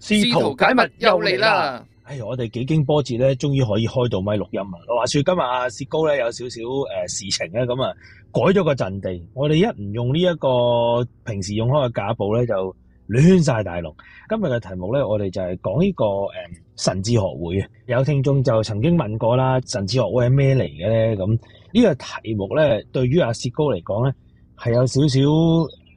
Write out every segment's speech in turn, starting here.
試圖解密又嚟啦！哎我哋幾經波折咧，終於可以開到咪錄音啊！話說今日阿薛高咧有少少誒事情咧，咁、嗯、啊改咗個陣地。我哋一唔用呢一個平時用開嘅架步咧，就亂晒大龍。今日嘅題目咧，我哋就係講呢個誒、嗯、神智學會嘅。有聽眾就曾經問過啦，神智學會係咩嚟嘅咧？咁、嗯、呢、這個題目咧，對於阿薛高嚟講咧，係有少少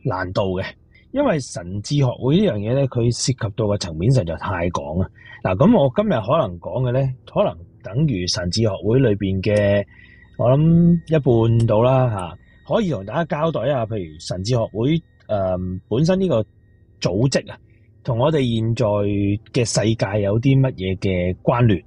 難度嘅。因為神智學會這呢樣嘢呢佢涉及到嘅層面實在太廣啊！嗱，咁我今日可能講嘅呢，可能等於神智學會裏邊嘅，我諗一半到啦吓，可以同大家交代一下，譬如神智學會誒、呃、本身呢個組織啊，同我哋現在嘅世界有啲乜嘢嘅關聯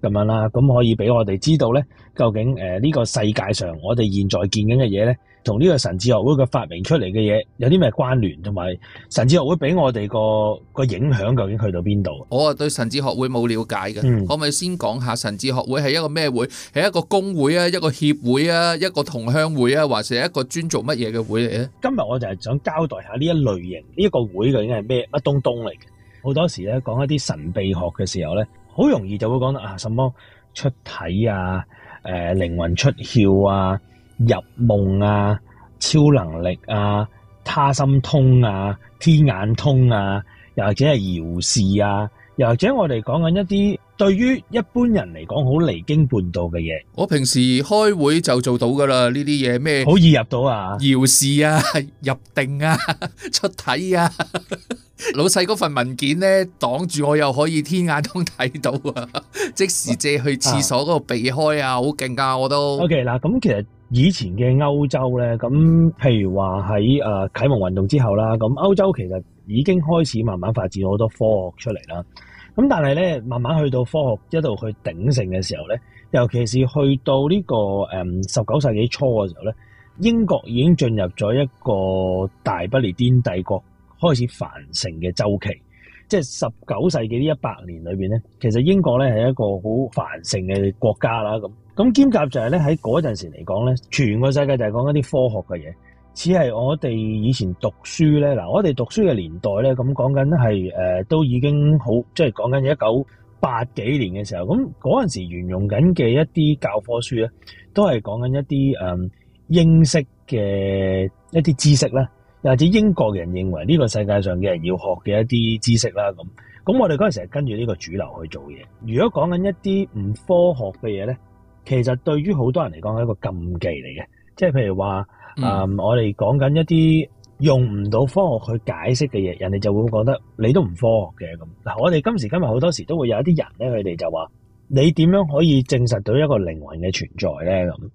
咁樣啦、啊，咁可以俾我哋知道呢，究竟誒呢、呃呢個世界上我哋現在,在見緊嘅嘢呢？同呢個神智學會嘅發明出嚟嘅嘢有啲咩關聯，同埋神智學會俾我哋個個影響究竟去到邊度？我啊對神智學會冇了解嘅，嗯、可唔可以先講下神智學會係一個咩會？係一個工會啊，一個協會啊，一個同鄉會啊，還是一個專做乜嘢嘅會嚟咧？今日我就係想交代下呢一類型，呢、這、一個會究竟係咩乜東東嚟嘅？好多時咧講一啲神秘學嘅時候咧，好容易就會講到啊什麼出體啊、誒、呃、靈魂出竅啊。入夢啊，超能力啊，他心通啊，天眼通啊，又或者係遙視啊，又或者我哋講緊一啲對於一般人嚟講好離經叛道嘅嘢。我平時開會就做到噶啦，呢啲嘢咩？可以入到啊？遙視啊，入定啊，出體啊， 老細嗰份文件呢擋住我又可以天眼通睇到啊， 即時借去廁所嗰度避開啊，好勁噶我都。OK 啦、啊、咁、嗯、其實。以前嘅歐洲呢，咁譬如話喺誒啟蒙運動之後啦，咁歐洲其實已經開始慢慢發展好多科學出嚟啦。咁但係呢，慢慢去到科學一路去鼎盛嘅時候呢，尤其是去到呢個誒十九世紀初嘅時候呢，英國已經進入咗一個大不列顛帝國開始繁盛嘅周期。即係十九世紀呢一百年裏邊咧，其實英國咧係一個好繁盛嘅國家啦。咁咁兼夾就係咧喺嗰陣時嚟講咧，全個世界就係講緊啲科學嘅嘢。似係我哋以前讀書咧，嗱我哋讀書嘅年代咧，咁講緊係誒都已經好，即係講緊一九八幾年嘅時候。咁嗰陣時沿用緊嘅一啲教科書咧，都係講緊一啲誒英式嘅一啲知識啦。或者英國人認為呢個世界上嘅人要學嘅一啲知識啦，咁咁我哋嗰陣時係跟住呢個主流去做嘢。如果講緊一啲唔科學嘅嘢呢，其實對於好多人嚟講係一個禁忌嚟嘅。即係譬如話，嗯，嗯，我哋講緊一啲用唔到科學去解釋嘅嘢，人哋就會覺得你都唔科學嘅咁。嗱，我哋今時今日好多時都會有一啲人呢，佢哋就話：「你點樣可以證實到一個靈魂嘅存在呢？」咁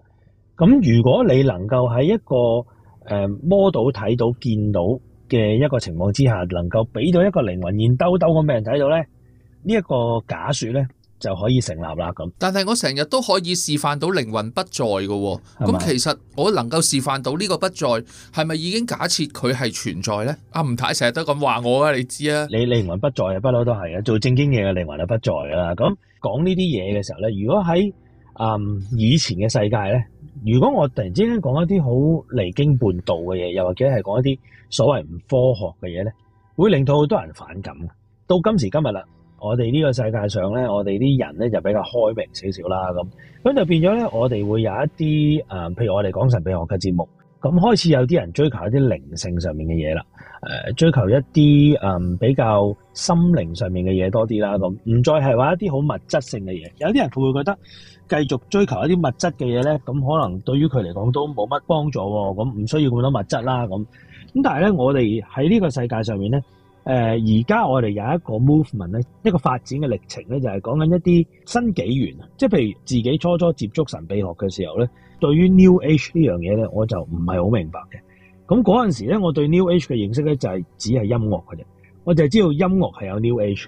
咁如果你能夠喺一個誒，摸到、睇到、見到嘅一個情況之下，能夠俾到一個靈魂現兜兜，我俾人睇到咧，呢一個假説咧就可以成立啦咁。但係我成日都可以示範到靈魂不在嘅喎，咁其實我能夠示範到呢個不在，係咪已經假設佢係存在咧？阿吳太成日都咁話我啊，你知啊。你靈魂不在，不嬲都係呀。做正經嘢嘅靈魂就不在㗎啦。咁講呢啲嘢嘅時候咧，如果喺嗯，以前嘅世界咧，如果我突然之間講一啲好離經叛道嘅嘢，又或者係講一啲所謂唔科學嘅嘢咧，會令到好多人反感。到今時今日啦，我哋呢個世界上咧，我哋啲人咧就比較開明少少啦。咁咁就變咗咧，我哋會有一啲誒，譬如我哋講神秘學嘅節目，咁開始有啲人追求一啲靈性上面嘅嘢啦。誒，追求一啲誒比較心靈上面嘅嘢多啲啦。咁唔再係話一啲好物質性嘅嘢。有啲人佢會覺得，繼續追求一啲物質嘅嘢呢，咁可能對於佢嚟講都冇乜幫助喎。咁唔需要咁多物質啦。咁咁，但係呢，我哋喺呢個世界上面呢，誒而家我哋有一個 movement 咧，一個發展嘅歷程呢，就係講緊一啲新紀元。即係譬如自己初初接觸神秘學嘅時候呢，對於 New Age 呢樣嘢呢，我就唔係好明白嘅。咁嗰陣時咧，我對 New Age 嘅認識呢，就係只係音樂嘅啫。我就係知道音樂係有 New Age。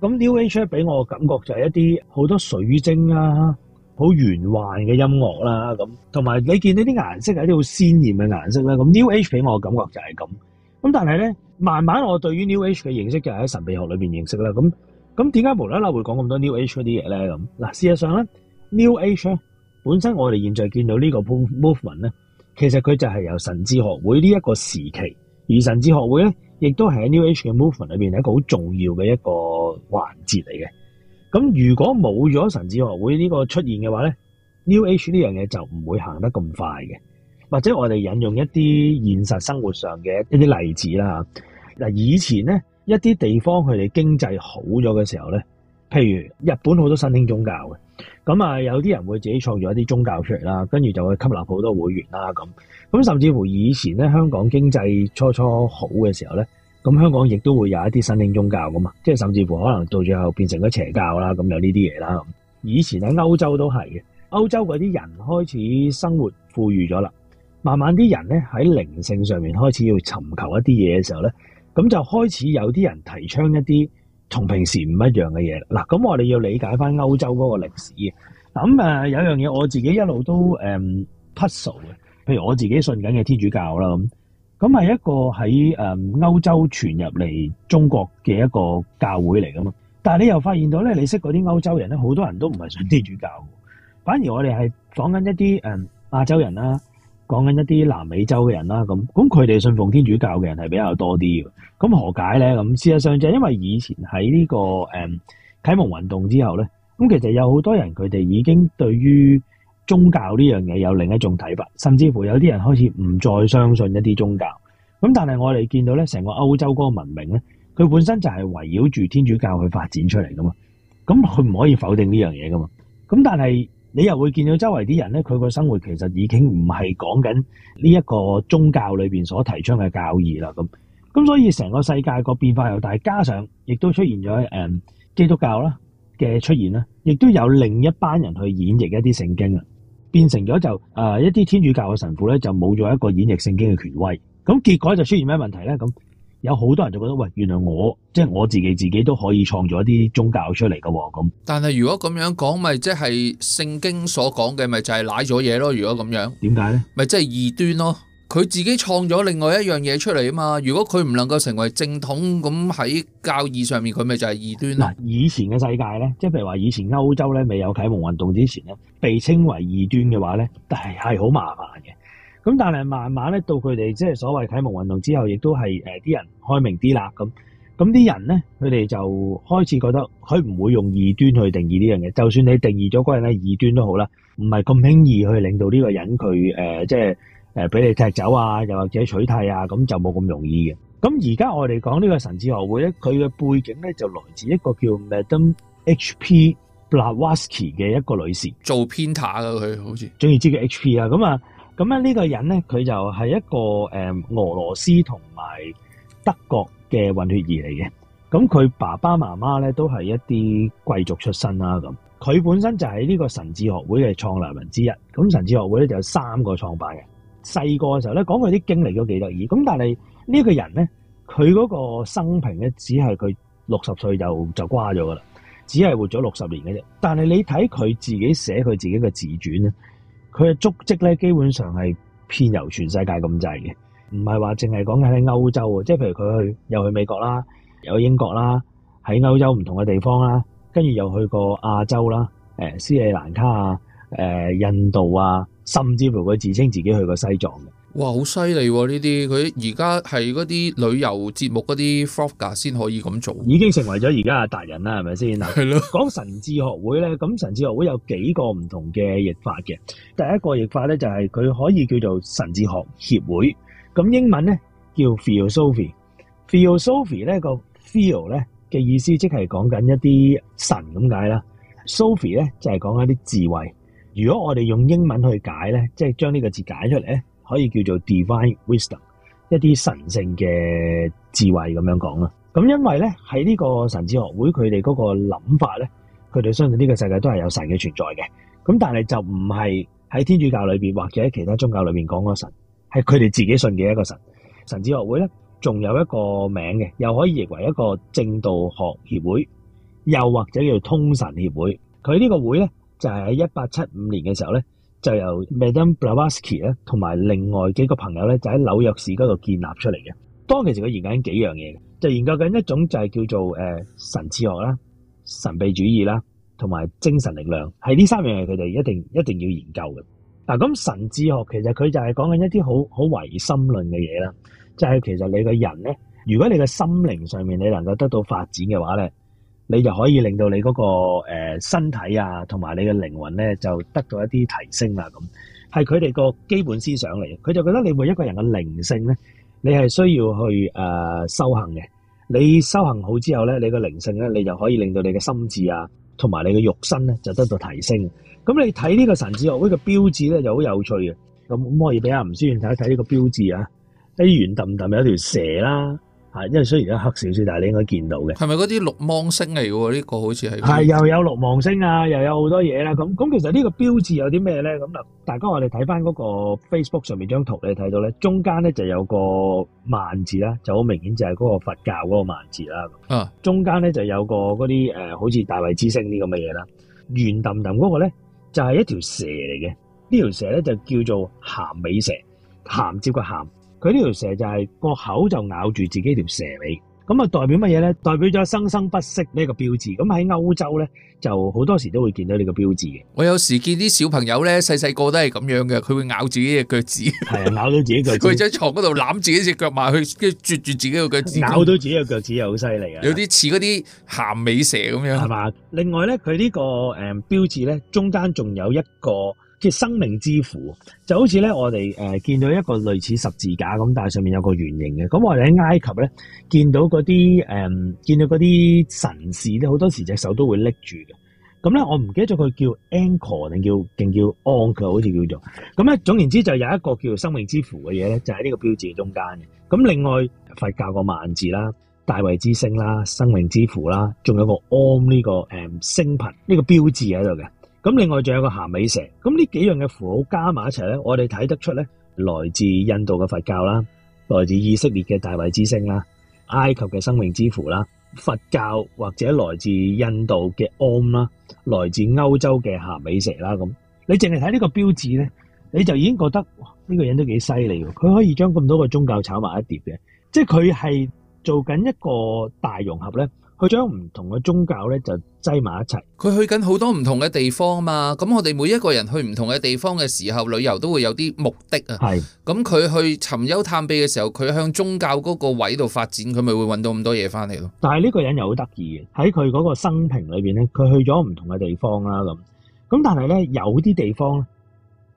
咁 New Age 俾我感覺就係一啲好多水晶啊～好玄幻嘅音樂啦，咁同埋你見到啲顏色係一啲好鮮豔嘅顏色啦。咁 New Age 俾我嘅感覺就係咁。咁但係咧，慢慢我對於 New Age 嘅認識就喺神秘學裏邊認識啦。咁咁點解無啦啦會講咁多 New Age 嗰啲嘢咧？咁嗱，事實上咧，New Age 咧本身我哋現在見到這個呢個 movement 咧，其實佢就係由神智學會呢一個時期，而神智學會咧亦都係喺 New Age 嘅 movement 裏邊一個好重要嘅一個環節嚟嘅。咁如果冇咗神智學會呢個出現嘅話呢 New Age 呢樣嘢就唔會行得咁快嘅，或者我哋引用一啲現實生活上嘅一啲例子啦嗱，以前呢，一啲地方佢哋經濟好咗嘅時候呢譬如日本好多新興宗教嘅，咁啊有啲人會自己創造一啲宗教出嚟啦，跟住就會吸納好多會員啦咁，咁甚至乎以前呢，香港經濟初初好嘅時候呢。咁香港亦都會有一啲新興宗教㗎嘛，即係甚至乎可能到最後變成咗邪教啦，咁有呢啲嘢啦。以前喺歐洲都係嘅，歐洲嗰啲人開始生活富裕咗啦，慢慢啲人咧喺靈性上面開始要尋求一啲嘢嘅時候咧，咁就開始有啲人提倡一啲同平時唔一樣嘅嘢。嗱，咁我哋要理解翻歐洲嗰個歷史咁誒，有樣嘢我自己一路都誒、嗯、puzzle 嘅，譬如我自己信緊嘅天主教啦。咁係一個喺誒歐洲傳入嚟中國嘅一個教會嚟噶嘛？但係你又發現到咧，你識嗰啲歐洲人咧，好多人都唔係信天主教，反而我哋係講緊一啲誒亞洲人啦，講緊一啲南美洲嘅人啦，咁咁佢哋信奉天主教嘅人係比較多啲嘅。咁何解咧？咁事實上就係因為以前喺呢個誒啟蒙運動之後咧，咁其實有好多人佢哋已經對於。宗教呢樣嘢有另一種睇法，甚至乎有啲人開始唔再相信一啲宗教。咁但係我哋見到呢，成個歐洲嗰個文明呢，佢本身就係圍繞住天主教去發展出嚟噶嘛。咁佢唔可以否定呢樣嘢噶嘛。咁但係你又會見到周圍啲人呢，佢個生活其實已經唔係講緊呢一個宗教裏面所提倡嘅教義啦。咁咁所以成個世界個變化又大，加上亦都出現咗誒基督教啦。嘅出現咧，亦都有另一班人去演繹一啲聖經啊，變成咗就誒、呃、一啲天主教嘅神父咧，就冇咗一個演繹聖經嘅權威。咁結果就出現咩問題咧？咁有好多人就覺得，喂，原來我即係、就是、我自己自己都可以創造一啲宗教出嚟㗎。咁但係如果咁樣講，咪即係聖經所講嘅，咪就係賴咗嘢咯？如果咁樣，點解咧？咪即係異端咯。佢自己創咗另外一樣嘢出嚟啊嘛！如果佢唔能夠成為正統咁喺教義上面，佢咪就係異端啦。嗱，以前嘅世界呢，即係譬如話以前歐洲呢，未有啟蒙運動之前呢，被稱為異端嘅話呢，但係係好麻煩嘅。咁但係慢慢呢，到佢哋即係所謂啟蒙運動之後，亦都係啲人開明啲啦。咁咁啲人呢，佢哋就開始覺得佢唔會用異端去定義呢樣嘢。就算你定義咗個人呢異端都好啦，唔係咁輕易去令到呢個人佢誒、呃、即誒，俾你踢走啊，又或者取替啊，咁就冇咁容易嘅。咁而家我哋講呢個神智學會咧，佢嘅背景咧就來自一個叫 Madam H.P. Blavatsky 嘅一個女士，做偏塔噶佢，好似中意食嘅 H.P. 啊。咁啊，咁啊呢個人咧，佢就係一個誒俄羅斯同埋德國嘅混血兒嚟嘅。咁佢爸爸媽媽咧都係一啲貴族出身啦。咁佢本身就係呢個神智學會嘅創立人之一。咁神智學會咧就有三個創辦嘅。細個嘅時候咧，講佢啲經歷都幾得意。咁但係呢個人咧，佢嗰個生平咧，只係佢六十歲就就瓜咗噶啦，只係活咗六十年嘅啫。但係你睇佢自己寫佢自己嘅自傳咧，佢嘅足跡咧，基本上係遍遊全世界咁滯嘅，唔係話淨係講緊喺歐洲，即係譬如佢去又去美國啦，又去英國啦，喺歐洲唔同嘅地方啦，跟住又去過亞洲啦，誒斯里蘭卡啊，誒印度啊。甚至乎佢自稱自己去過西藏嘅，哇！好犀利喎呢啲，佢而家係嗰啲旅遊節目嗰啲 Frogger 先可以咁做，已經成為咗而家嘅達人啦，係咪先嗱？係咯，講神智學會咧，咁神智學會有幾個唔同嘅譯法嘅。第一個譯法咧就係佢可以叫做神智學協會，咁英文咧叫 Philosophy。Philosophy 咧個 Phil 咧嘅意思即係講緊一啲神咁解啦，Sophie 咧就係講緊啲智慧。如果我哋用英文去解呢，即係將呢個字解出嚟呢，可以叫做 Divine Wisdom，一啲神聖嘅智慧咁樣講啦。咁因為呢喺呢個神智學會佢哋嗰個諗法呢，佢哋相信呢個世界都係有神嘅存在嘅。咁但係就唔係喺天主教裏邊或者喺其他宗教裏邊講個神，係佢哋自己信嘅一個神。神智學會呢，仲有一個名嘅，又可以譯為一個正道學協會，又或者叫通神協會。佢呢個會呢。就係喺一八七五年嘅時候咧，就由 Madame Blavatsky 咧同埋另外幾個朋友咧，就喺紐約市嗰度建立出嚟嘅。當其時佢研究緊幾樣嘢嘅，就研究緊一種就係叫做誒神智學啦、神秘主義啦，同埋精神力量，係呢三樣嘢，佢哋一定一定要研究嘅。嗱，咁神智學其實佢就係講緊一啲好好唯心論嘅嘢啦，就係其實你個人咧，如果你嘅心靈上面你能夠得到發展嘅話咧，你就可以令到你嗰個身體啊，同埋你嘅靈魂咧，就得到一啲提升啦。咁係佢哋個基本思想嚟，佢就覺得你每一個人嘅靈性咧，你係需要去誒、呃、修行嘅。你修行好之後咧，你嘅靈性咧，你就可以令到你嘅心智啊，同埋你嘅肉身咧，就得到提升。咁你睇呢個神智學會嘅標誌咧，就好有趣嘅。咁可以俾阿吳思生睇一睇呢個標誌啊！啲圓揼揼有條蛇啦。係，因為雖然而家黑少少，但係你應該見到嘅。係咪嗰啲六芒星嚟㗎？呢、這個好似係係又有六芒星啊，又有好多嘢啦、啊。咁咁其實呢個標誌有啲咩咧？咁大家我哋睇翻嗰個 Facebook 上面張圖，你睇到咧，中間咧就有個萬字啦，就好明顯就係嗰個佛教嗰個萬字啦。啊，中間咧就有個嗰啲誒，好似大衛之星呢咁嘅嘢啦。圓揼揼嗰個咧就係一條蛇嚟嘅，呢條蛇咧就叫做鹹尾蛇，鹹接個鹹。佢呢條蛇就係個口就咬住自己條蛇尾，咁啊代表乜嘢咧？代表咗生生不息呢一個標誌。咁喺歐洲咧，就好多時都會見到呢個標誌嘅。我有時見啲小朋友咧，細細個都係咁樣嘅，佢會咬自己隻腳趾。係啊，咬到自己腳趾。佢喺床嗰度攬自己隻腳埋去，跟住啜住自己個腳趾。咬到自己個腳趾又好犀利啊！有啲似嗰啲鹹尾蛇咁樣，係嘛？另外咧，佢呢個誒標誌咧，中間仲有一個。即係生命之符，就好似咧，我哋誒見到一個類似十字架咁，但係上面有個圓形嘅。咁我哋喺埃及咧見到嗰啲誒，見到嗰啲神士咧，好多時隻手都會拎住嘅。咁咧，我唔記得咗佢叫 anchor 定叫定叫 ankle 好似叫做。咁咧，總言之就有一個叫做生命之符嘅嘢咧，就喺呢個標誌嘅中間嘅。咁另外佛教個萬字啦、大衞之星啦、生命之符啦，仲有個 Om 呢、呢個誒、um, 星頻呢、呢個標誌喺度嘅。咁另外仲有個咸尾蛇，咁呢幾樣嘅符號加埋一齊咧，我哋睇得出咧，來自印度嘅佛教啦、來自以色列嘅大衛之星啦、埃及嘅生命之符啦、佛教或者來自印度嘅 Om 啦、來自歐洲嘅咸尾蛇啦，咁你淨係睇呢個標誌咧，你就已經覺得哇，呢個人都幾犀利，佢可以將咁多個宗教炒埋一碟嘅，即係佢係做緊一個大融合咧。佢將唔同嘅宗教咧就擠埋一齊。佢去緊好多唔同嘅地方嘛，咁我哋每一個人去唔同嘅地方嘅時候，旅遊都會有啲目的啊。係是，咁佢去尋幽探秘嘅時候，佢向宗教嗰個位度發展，佢咪會搵到咁多嘢翻嚟咯。但係呢個人又好得意嘅，喺佢嗰個生平裏邊咧，佢去咗唔同嘅地方啦，咁，咁但係咧有啲地方咧，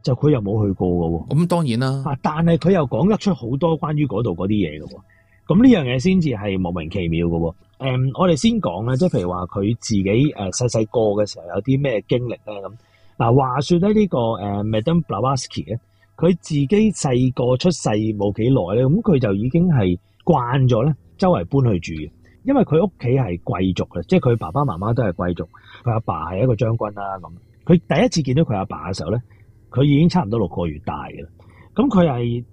就佢又冇去過喎。咁當然啦，但係佢又講得出好多關於嗰度嗰啲嘢嘅。咁呢樣嘢先至係莫名其妙嘅喎。誒，我哋先講呢，即係譬如話佢自己誒細細個嘅時候有啲咩經歷咧，咁。嗱，話説咧呢個誒 Madam Blavatsky 咧，佢自己細個出世冇幾耐咧，咁佢就已經係慣咗咧，周圍搬去住嘅，因為佢屋企係貴族嘅，即係佢爸爸媽媽都係貴族，佢阿爸係一個將軍啦。咁佢第一次見到佢阿爸嘅時候咧，佢已經差唔多六個月大嘅啦。咁佢係。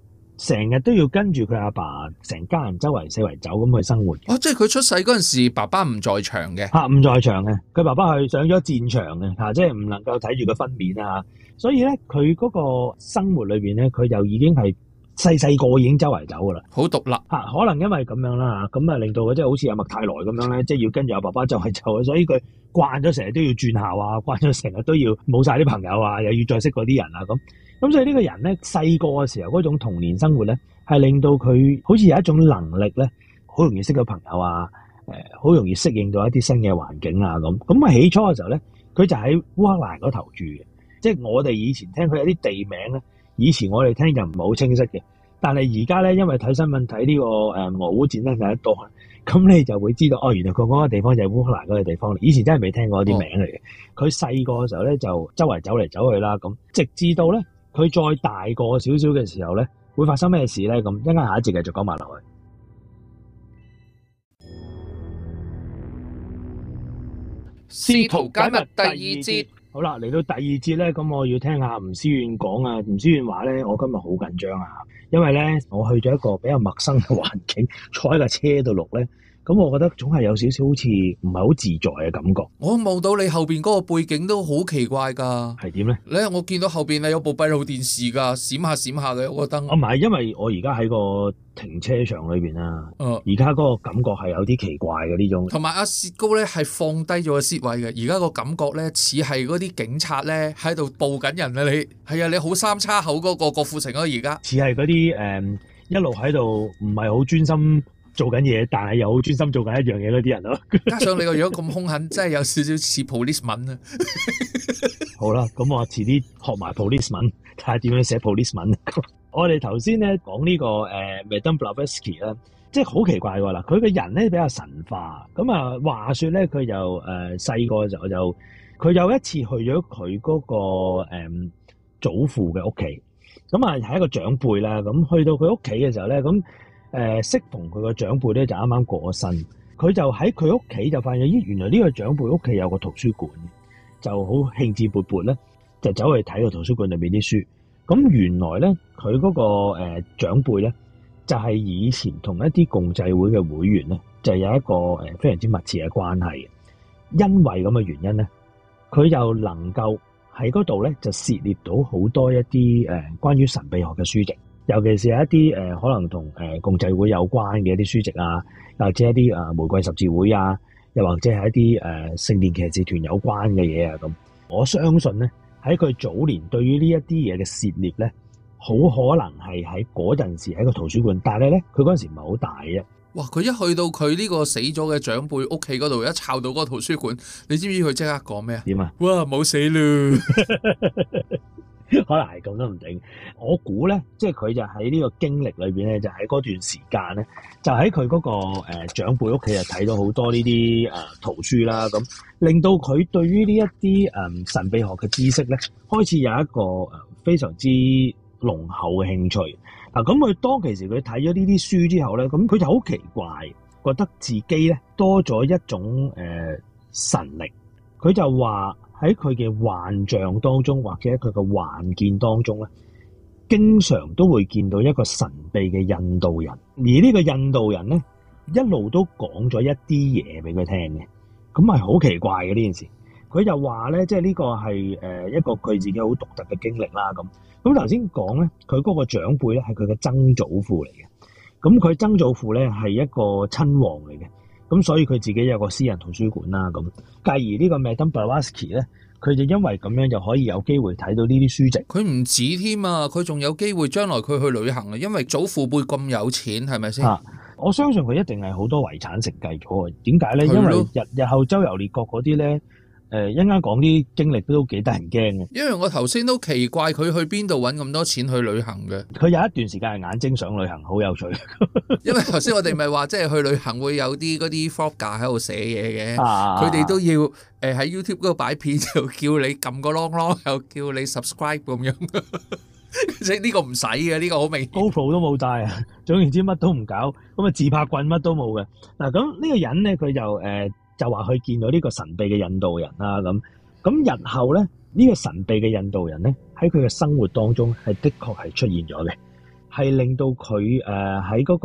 成日都要跟住佢阿爸，成家人周圍四圍走咁去生活。哦，即係佢出世嗰陣時，爸爸唔在場嘅，吓唔、啊、在場嘅，佢爸爸係上咗戰場嘅，吓、啊、即係唔能夠睇住佢分娩啊，所以咧佢嗰個生活裏邊咧，佢又已經係。細細個已經周圍走噶啦，好獨立吓，可能因為咁樣啦吓，咁啊令到佢即係好似阿麥泰萊咁樣咧，即係要跟住阿爸爸就係走。所以佢慣咗成日都要轉校啊，慣咗成日都要冇晒啲朋友啊，又要再識嗰啲人啊咁。咁所以呢個人咧細個嘅時候嗰種童年生活咧，係令到佢好似有一種能力咧，好容易識到朋友啊，誒，好容易適應到一啲新嘅環境啊咁。咁啊起初嘅時候咧，佢就喺烏克蘭嗰頭住嘅，即係我哋以前聽佢有啲地名咧。以前我哋聽就唔係好清晰嘅，但係而家咧，因為睇新聞睇呢個誒、呃、俄烏戰爭睇得多，咁你就會知道哦，原來佢嗰個地方就係烏克蘭嗰個地方嚟，以前真係未聽過啲名嚟嘅。佢細個嘅時候咧就周圍走嚟走去啦，咁直至到咧佢再大個少少嘅時候咧，會發生咩事咧？咁一陣間下一節繼續講埋落去，試圖解密第二節。好啦，嚟到第二節咧，咁我要聽下吳思遠講啊。吳思遠話咧，我今日好緊張啊，因為咧我去咗一個比較陌生嘅環境，坐喺架車度錄咧。咁我覺得總係有少少好似唔係好自在嘅感覺。我望到你後面嗰個背景都好奇怪㗎。係點咧？咧我見到後面有部閉路電視㗎，閃下閃下嘅個燈。啊唔係，因為我而家喺個停車場裏面啊。嗯。而家嗰個感覺係有啲奇怪嘅呢種。同埋阿薛高咧係放低咗個攝位嘅，而家個感覺咧似係嗰啲警察咧喺度捕緊人啊！你係啊！你好三叉口嗰、那個郭富城啊！而家似係嗰啲誒一路喺度唔係好專心。做緊嘢，但係又好專心做緊一樣嘢咯，啲人咯。加上你個樣咁兇狠，真係有少少似 polish 文啦。好啦，咁我遲啲學埋 polish 文，睇下點樣寫 polish 文。 我哋頭先咧講呢講個誒 Madam Blavatsky 啦，即係好奇怪㗎啦。佢個人咧比較神化，咁啊話說咧，佢就誒細個嘅時候就佢有一次去咗佢嗰個誒、嗯、祖父嘅屋企，咁啊係一個長輩啦。咁去到佢屋企嘅時候咧，咁。誒識同佢個長輩咧，就啱啱過身，佢就喺佢屋企就發現咦，原來呢個長輩屋企有個圖書館，就好興致勃勃咧，就走去睇個圖書館裏面啲書。咁原來咧，佢嗰個誒長輩咧，就係以前同一啲共濟會嘅會員咧，就有一個非常之密切嘅關係。因為咁嘅原因咧，佢又能夠喺嗰度咧就涉獵到好多一啲誒關於神秘學嘅書籍。尤其是一啲誒可能同誒共濟會有關嘅一啲書籍啊，又或者一啲誒玫瑰十字會啊，又或者係一啲誒聖殿騎士團有關嘅嘢啊咁。我相信咧喺佢早年對於呢一啲嘢嘅涉獵咧，好可能係喺嗰陣時喺個圖書館，但係咧佢嗰陣時唔係好大啫。哇！佢一去到佢呢個死咗嘅長輩屋企嗰度，一摷到嗰個圖書館，你知唔知佢即刻講咩啊？點啊？哇！冇死咯～ 可能係咁都唔定，我估咧，即係佢就喺呢個經歷裏邊咧，就喺嗰段時間咧，就喺佢嗰個誒、呃、長輩屋企就睇到好多呢啲誒圖書啦，咁令到佢對於呢一啲誒神秘學嘅知識咧，開始有一個誒、呃、非常之濃厚嘅興趣。咁、啊、佢當其時佢睇咗呢啲書之後咧，咁佢就好奇怪，覺得自己咧多咗一種誒、呃、神力，佢就話。喺佢嘅幻象當中，或者佢嘅幻見當中咧，經常都會見到一個神秘嘅印度人。而呢個印度人咧，一路都講咗一啲嘢俾佢聽嘅，咁係好奇怪嘅呢件事。佢就話咧，即係呢個係誒一個佢自己好獨特嘅經歷啦。咁咁頭先講咧，佢嗰個長輩咧係佢嘅曾祖父嚟嘅。咁佢曾祖父咧係一個親王嚟嘅，咁所以佢自己有個私人圖書館啦。咁繼而呢個 Madame Blavatsky 咧。佢就因為咁樣就可以有機會睇到呢啲書籍。佢唔止添啊，佢仲有機會將來佢去旅行啊，因為祖父輩咁有錢，係咪先？我相信佢一定係好多遺產承繼咗啊！點解呢？的因為日日後周遊列國嗰啲呢，誒，一陣間講啲經歷都幾得人驚嘅。因為我頭先都奇怪佢去邊度揾咁多錢去旅行嘅。佢有一段時間係眼睛想旅行，好有趣。因為頭先我哋咪話，即係去旅行會有啲嗰啲 frogger 喺度寫嘢嘅。佢哋都要誒喺 YouTube 嗰度擺片，又叫你撳個 long long，又叫你 subscribe 咁樣。即係呢個唔使嘅，呢個好明。GoPro 都冇帶啊！總言之，乜都唔搞，咁啊自拍棍乜都冇嘅。嗱，咁呢個人咧，佢就誒。就話佢見到呢個神秘嘅印度人啦，咁咁日後呢，呢、呢個神秘嘅印度人呢，喺佢嘅生活當中係的確係出現咗嘅，係令到佢誒喺嗰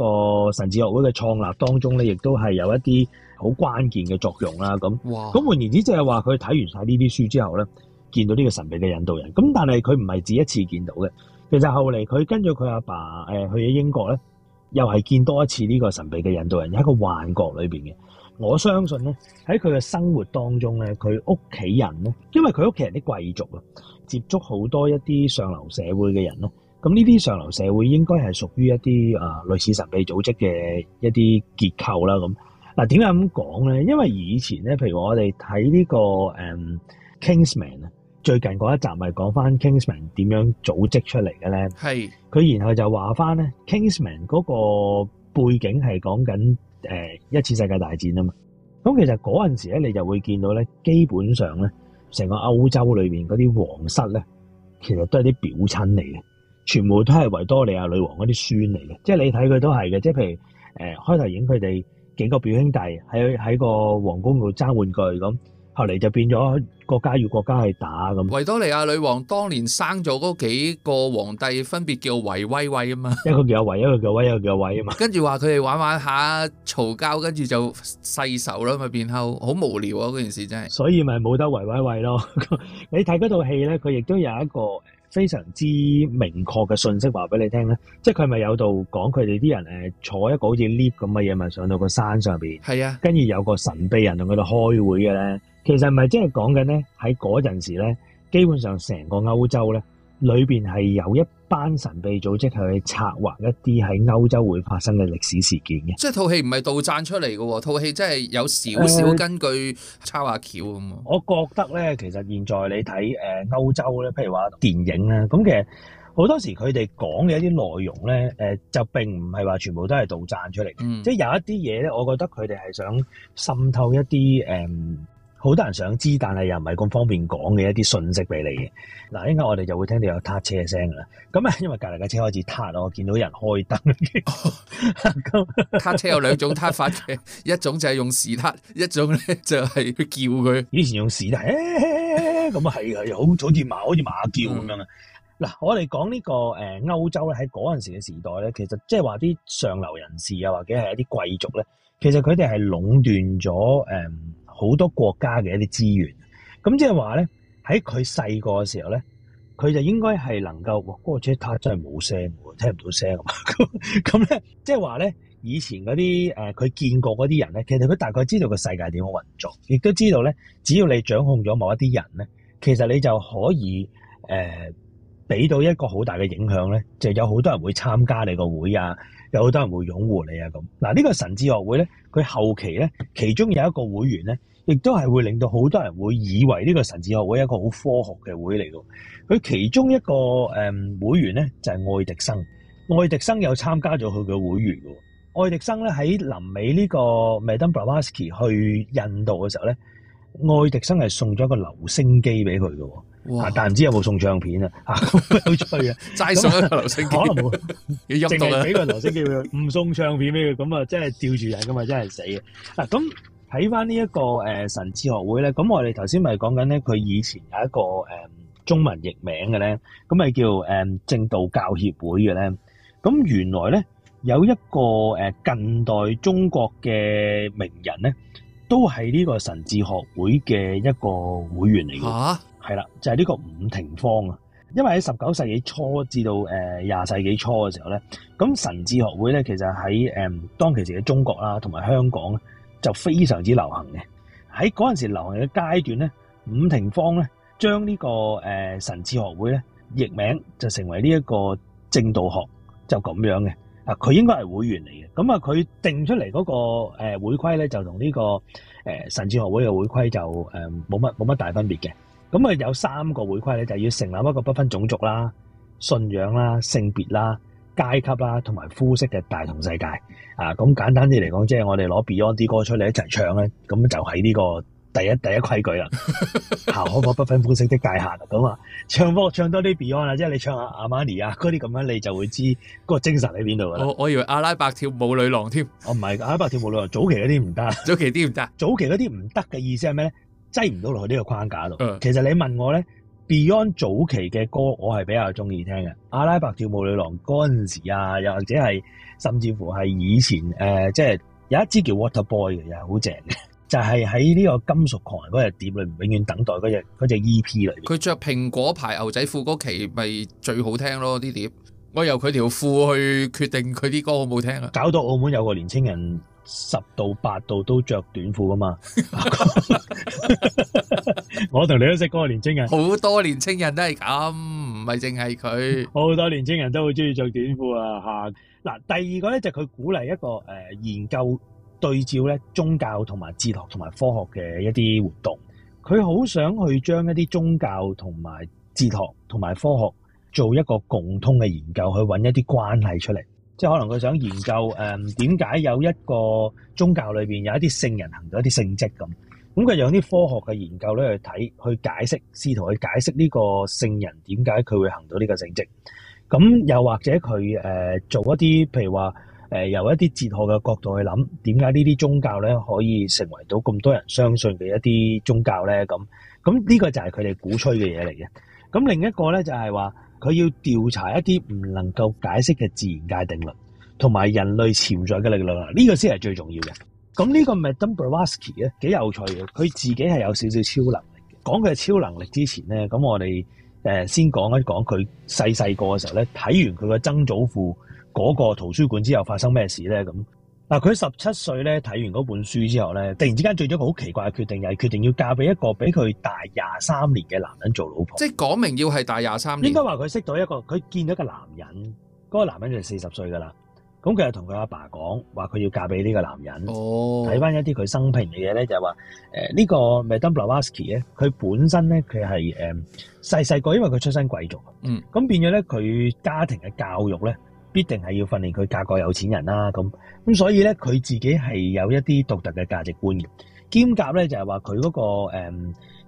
個神智學會嘅創立當中呢，亦都係有一啲好關鍵嘅作用啦。咁哇，咁換言之，即係話佢睇完晒呢啲書之後呢，見到呢個神秘嘅印度人，咁但係佢唔係只一次見到嘅，其實後嚟佢跟住佢阿爸誒、呃、去咗英國呢，又係見多一次呢個神秘嘅印度人，喺一個幻覺裏邊嘅。.我相信咧，喺佢嘅生活當中咧，佢屋企人咧，因為佢屋企人啲貴族啊，接觸好多一啲上流社會嘅人咯。咁呢啲上流社會應該係屬於一啲啊類似神秘組織嘅一啲結構啦。咁嗱點解咁講咧？因為以前咧，譬如我哋睇呢個誒 Kingsman 啊，嗯、Kingsman，最近嗰一集咪講翻 Kingsman 點樣組織出嚟嘅咧？係佢是然後就話翻咧，Kingsman 嗰個背景係講緊。誒，一次世界大戰啊嘛，咁其實嗰陣時咧，你就會見到咧，基本上咧，成個歐洲裏面嗰啲皇室咧，其實都係啲表親嚟嘅，全部都係維多利亞女王嗰啲孫嚟嘅，即係你睇佢都係嘅，即係譬如誒、呃，開頭影佢哋幾個表兄弟喺喺個皇宮度爭玩具咁。後嚟就變咗國家與國家去打咁。維多利亞女王當年生咗嗰幾個皇帝，分別叫維威威啊嘛，一個叫阿維，一個叫威，一個叫威啊嘛。跟住話佢哋玩玩下，嘈交，跟住就世仇囉，咪變後好無聊啊！嗰件事真係。所以咪冇得維威威咯。 你睇嗰套戲咧，佢亦都有一個。非常之明確嘅信息話俾你聽咧，即係佢係咪有度講佢哋啲人誒坐一個好似 lift 咁嘅嘢，咪上到個山上邊？係啊的，跟住有個神秘人同佢哋開會嘅咧，其實係咪即係講緊咧喺嗰陣時咧，基本上成個歐洲咧？裏邊係有一班神秘組織去策劃一啲喺歐洲會發生嘅歷史事件嘅，即係套戲唔係杜撰出嚟嘅，套戲真係有少少根據抄下橋咁。我覺得咧，其實現在你睇誒歐洲咧，譬如話電影，咁其實好多時佢哋講嘅一啲內容咧，誒、呃、就並唔係話全部都係杜撰出嚟，嗯、即係有一啲嘢咧，我覺得佢哋係想滲透一啲誒。呃好多人想知，但係又唔係咁方便講嘅一啲信息俾你嘅。嗱，一陣間我哋就會聽到有撻車聲㗎喇。咁啊，因為隔離架車開始撻咯，我見到有人開燈嘅。撻 車有兩種撻法嘅，一種就係用屎撻，一種咧就係去叫佢。以前用屎撻，咁啊係啊，好似馬，好似馬叫咁樣啊。嗱、嗯，我哋講呢個誒歐洲咧，喺嗰陣時嘅時代咧，其實即係話啲上流人士啊，或者係一啲貴族咧，其實佢哋係壟斷咗誒。嗯好多國家嘅一啲資源，咁即係話咧，喺佢細個嘅時候咧，佢就應該係能夠，嗰、嗰個車塔真係冇聲嘅，聽唔到聲咁。咁咧，即係話咧，以前嗰啲誒佢見過嗰啲人咧，其實佢大概知道個世界點樣運作，亦都知道咧，只要你掌控咗某一啲人咧，其實你就可以誒俾、呃、到一個好大嘅影響咧，就係、有好多人會參加你個會啊。有好多人會擁護你啊！咁嗱，呢個神智學會咧，佢後期咧，其中有一個會員咧，亦都係會令到好多人會以為呢個神智學會係一個好科學嘅會嚟嘅。佢其中一個誒、嗯、會員咧，就係、是、愛迪生。愛迪生有參加咗佢嘅會員喎。愛迪生咧，喺臨尾呢個 Madame Blavatsky 去印度嘅時候咧，愛迪生係送咗個留聲機俾佢嘅。但係唔知有冇送唱片啊？吓，好有趣啊！齋送一個留聲機，可能冇，淨係俾個留聲機會，唔送唱片俾佢？咁啊，即係吊住人咁啊，真係死嘅。嗱，咁睇翻呢一個誒神智學會咧，咁我哋頭先咪講緊咧，佢以前有一個誒中文譯名嘅咧，咁咪叫誒正道教協會嘅咧。咁原來咧有一個誒近代中國嘅名人咧，都係呢個神智學會嘅一個會員嚟嘅。吓！係啦，就係、是、呢個伍廷芳啊，因為喺十九世紀初至到誒廿世紀初嘅時候咧，咁神智學會咧，其實喺誒當其時嘅中國啦，同埋香港就非常之流行嘅。喺嗰陣時流行嘅階段咧，伍廷芳咧將呢個誒神智學會咧，譯名就成為呢一個正道學，就咁樣嘅。嗱，佢應該係會員嚟嘅，咁啊佢定出嚟嗰個誒會規咧，就同呢個誒神智學會嘅會規就誒冇乜冇乜大分別嘅。咁啊，有三個會規咧，就是、要成立一個不分種族啦、信仰啦、性別啦、階級啦，同埋膚色嘅大同世界啊！咁簡單啲嚟講，即、就、係、是、我哋攞 Beyond 啲歌出嚟一齊唱咧，咁就喺呢個第一第一規矩啦。行開個不分膚色的界限，咁、嗯、啊，唱歌唱多啲 Beyond 啊，即係你唱阿阿 Mani 啊，嗰啲咁樣你就會知嗰個精神喺邊度啦。我以為阿拉伯跳舞女郎添，我唔係阿拉伯跳舞女郎，早期嗰啲唔得，早期啲唔得，早期嗰啲唔得嘅意思係咩咧？擠唔到落去呢個框架度。 其實你問我咧 ，Beyond 早期嘅歌我係比較中意聽嘅，《阿拉伯跳舞女郎》嗰陣時啊，又或者係甚至乎係以前誒、呃，即係有一支叫《Water Boy》嘅，又係好正嘅。就係喺呢個金屬狂人嗰隻碟裏，永遠等待嗰隻嗰隻 EP 嚟。佢着蘋果牌牛仔褲嗰期，咪最好聽咯啲碟。我由佢條褲去決定佢啲歌好唔好聽啊！搞到澳門有個年青人。十度八度都着短褲噶嘛？ 我同你都識嗰個年青人，好多年青人都係咁，唔係淨係佢，好多年青人都好中意着短褲啊！吓，嗱，第二個呢，就佢鼓勵一個誒研究對照咧宗教同埋哲學同埋科學嘅一啲活動，佢好想去將一啲宗教同埋哲學同埋科學做一個共通嘅研究，去揾一啲關係出嚟。即係可能佢想研究誒點解有一個宗教裏邊有一啲聖人行到一啲聖跡咁咁佢用啲科學嘅研究咧去睇去解釋，試圖去解釋呢個聖人點解佢會行到呢個聖跡，咁又或者佢誒、呃、做一啲，譬如話誒、呃、由一啲哲學嘅角度去諗，點解呢啲宗教咧可以成為到咁多人相信嘅一啲宗教咧？咁，咁呢個就係佢哋鼓吹嘅嘢嚟嘅。咁另一個咧就係話。佢要調查一啲唔能夠解釋嘅自然界定律，同埋人類潛在嘅力量，呢、這個先係最重要嘅。咁呢個 Madame Blavatsky 啊，幾有趣嘅。佢自己係有少少超能力嘅。講佢超能力之前咧，咁我哋誒先講一講佢細細個嘅時候咧，睇完佢嘅曾祖父嗰個圖書館之後發生咩事咧咁。嗱，佢十七歲咧，睇完嗰本書之後咧，突然之間做咗個好奇怪嘅決定，係、就是、決定要嫁俾一個比佢大廿三年嘅男人做老婆。即係講明要係大廿三年。應該話佢識到一個，佢見到一個男人，嗰、那個男人就四十歲噶啦。咁佢就同佢阿爸講話，佢要嫁俾呢個男人。哦，睇翻一啲佢生平嘅嘢咧，就係話誒呢個 Madame Blavatsky 咧，佢本身咧佢係誒細細個，呃、小小因為佢出身貴族。嗯，咁變咗咧，佢家庭嘅教育咧。必定係要訓練佢嫁個有錢人啦，咁咁所以咧，佢自己係有一啲獨特嘅價值觀嘅，兼夾咧就係話佢嗰個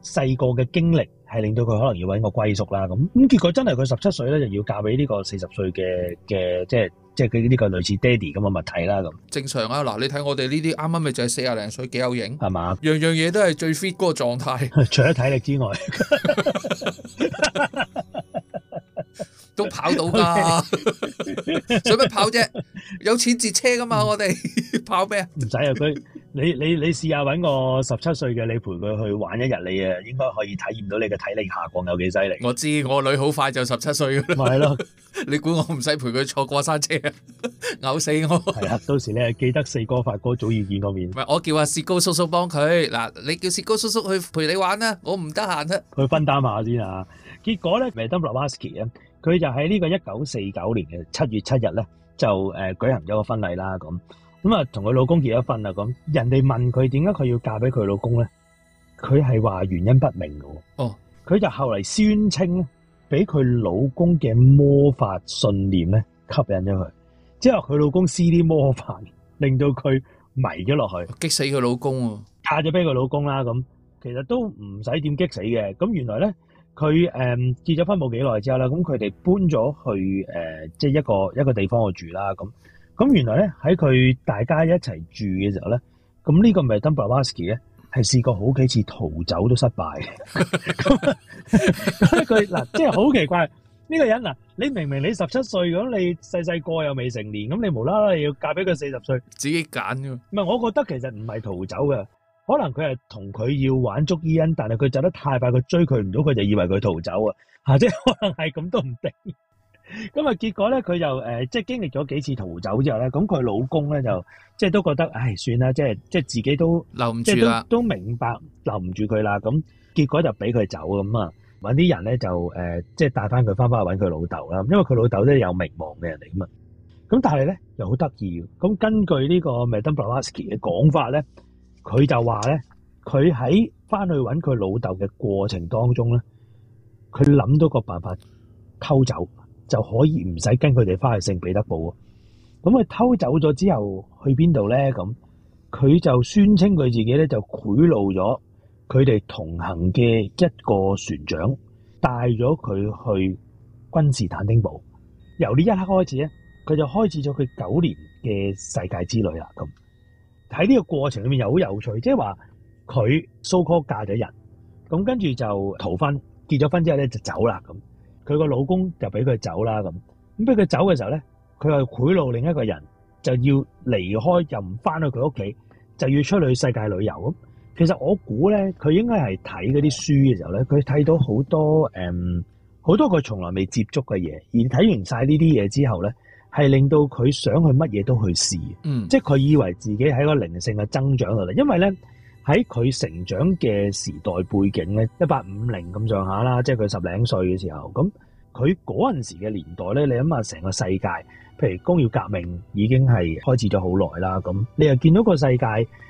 誒細個嘅經歷係令到佢可能要搵個歸宿啦，咁咁結果真係佢十七歲咧就要嫁俾呢個四十歲嘅嘅即係即係呢個類似爹哋咁嘅物體啦，咁正常啊！嗱，你睇我哋呢啲啱啱咪就係四廿零歲，幾有型係嘛，樣樣嘢都係最 fit 嗰個狀態， 除咗體力之外。 都跑到噶 Okay，使 乜跑啫？有錢截車噶嘛，我哋 跑咩啊？唔使啊，佢你你你試下揾個十七歲嘅，你陪佢去玩一日，你誒應該可以體驗到你嘅體力下降有幾犀利。我知我女好快就十七歲啦。咪係咯，你估我唔使陪佢坐過山車啊？嘔 死我！係啊， 到時你係記得四哥、發哥早已見過面。唔係，我叫阿薛高叔叔幫佢嗱，你叫薛高叔叔去陪你玩啦。我唔得閒啦。佢分擔下先啊！結果咧，咪 Double Raski 啊！佢就喺呢個一九四九年嘅七月七日咧，就誒舉行咗個婚禮啦，咁咁啊同佢老公結咗婚啦，咁人哋問佢點解佢要嫁俾佢老公咧？佢係話原因不明噶。哦，佢就後嚟宣稱咧，俾佢老公嘅魔法信念咧吸引咗佢，之後佢老公施啲魔法，令到佢迷咗落去，激死佢老公啊，嫁咗俾佢老公啦，咁其實都唔使點激死嘅。咁原來咧。佢誒結咗婚冇幾耐之後咧，咁佢哋搬咗去誒，即係一個一個地方去住啦。咁咁原來咧喺佢大家一齊住嘅時候咧，咁呢個咪 Blavatsky 咧，係試過好幾次逃走都失敗。佢嗱即係好奇怪呢個人嗱，你明明你十七歲咁，你細細個又未成年，咁你無啦啦要嫁俾佢四十歲，自己揀㗎。唔係，我覺得其實唔係逃走嘅。可能佢係同佢要玩捉伊恩，但係佢走得太快，佢追佢唔到，佢就以為佢逃走啊！吓，即係可能係咁都唔定。咁啊，結果咧，佢就誒，即係經歷咗幾次逃走之後咧，咁佢老公咧就即係都覺得，唉，算啦，即係即係自己留都留唔住都明白留唔住佢啦。咁結果就俾佢走咁啊，搵啲人咧就誒，即係帶翻佢翻翻去搵佢老豆啦。因為佢老豆都有名望嘅人嚟噶嘛。咁但係咧又好得意。咁根據呢個 Madam Blavatsky 嘅講法咧。佢就話咧，佢喺翻去揾佢老豆嘅過程當中咧，佢諗到個辦法偷走就可以唔使跟佢哋翻去聖彼得堡喎。咁佢偷走咗之後去邊度咧？咁佢就宣稱佢自己咧就賄賂咗佢哋同行嘅一個船長，帶咗佢去君士坦丁堡。由呢一刻開始咧，佢就開始咗佢九年嘅世界之旅啦。咁。喺呢個過程裏面又好有趣，即係話佢 so called 嫁咗人，咁跟住就逃婚，結咗婚之後咧就走啦咁。佢個老公就俾佢走啦咁。咁俾佢走嘅時候咧，佢係賄賂另一個人，就要離開，又唔翻去佢屋企，就要出去世界旅遊。咁其實我估咧，佢應該係睇嗰啲書嘅時候咧，佢睇到好多嗯，好多佢從來未接觸嘅嘢。而睇完晒呢啲嘢之後咧。係令到佢想去乜嘢都去試，嗯，即係佢以為自己喺個靈性嘅增長度啦。因為咧喺佢成長嘅時代背景咧，一八五零咁上下啦，即係佢十零歲嘅時候，咁佢嗰陣時嘅年代咧，你諗下成個世界，譬如工業革命已經係開始咗好耐啦，咁你又見到個世界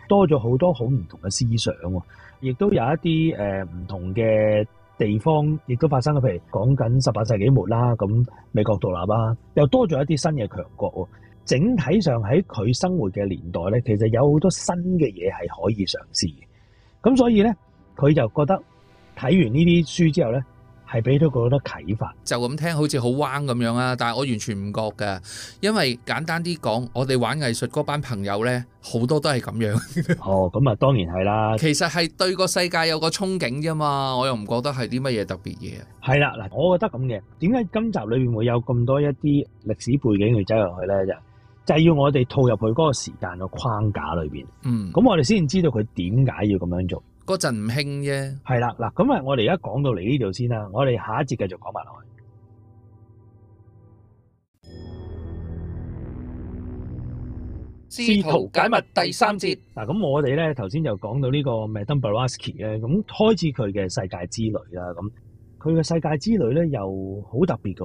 多咗好多好唔同嘅思想，亦都有一啲誒唔同嘅。地方亦都發生啦，譬如講緊十八世紀末啦，咁美國獨立啦，又多咗一啲新嘅強國喎。整體上喺佢生活嘅年代呢，其實有好多新嘅嘢係可以嘗試嘅。咁所以呢，佢就覺得睇完呢啲書之後呢，係俾到個好多啟發，就咁聽好似好彎咁樣啊！但係我完全唔覺噶，因為簡單啲講，我哋玩藝術嗰班朋友咧，好多都係咁樣。 哦，咁啊，當然係啦。其實係對個世界有個憧憬啫嘛，我又唔覺得係啲乜嘢特別嘢。係啦，嗱，我覺得咁嘅。點解今集裏邊會有咁多一啲歷史背景去走入去咧？就就是、係要我哋套入去嗰個時間嘅框架裏邊。嗯。咁我哋先知道佢點解要咁樣做。嗰陣唔興啫，係啦嗱，咁啊，我哋而家講到嚟呢度先啦，我哋下一節繼續講埋落去。試圖解密第三節嗱，咁我哋咧頭先就講到呢個 Madame Blavatsky 咧，咁開始佢嘅世界之旅啦，咁佢嘅世界之旅咧又好特別噶，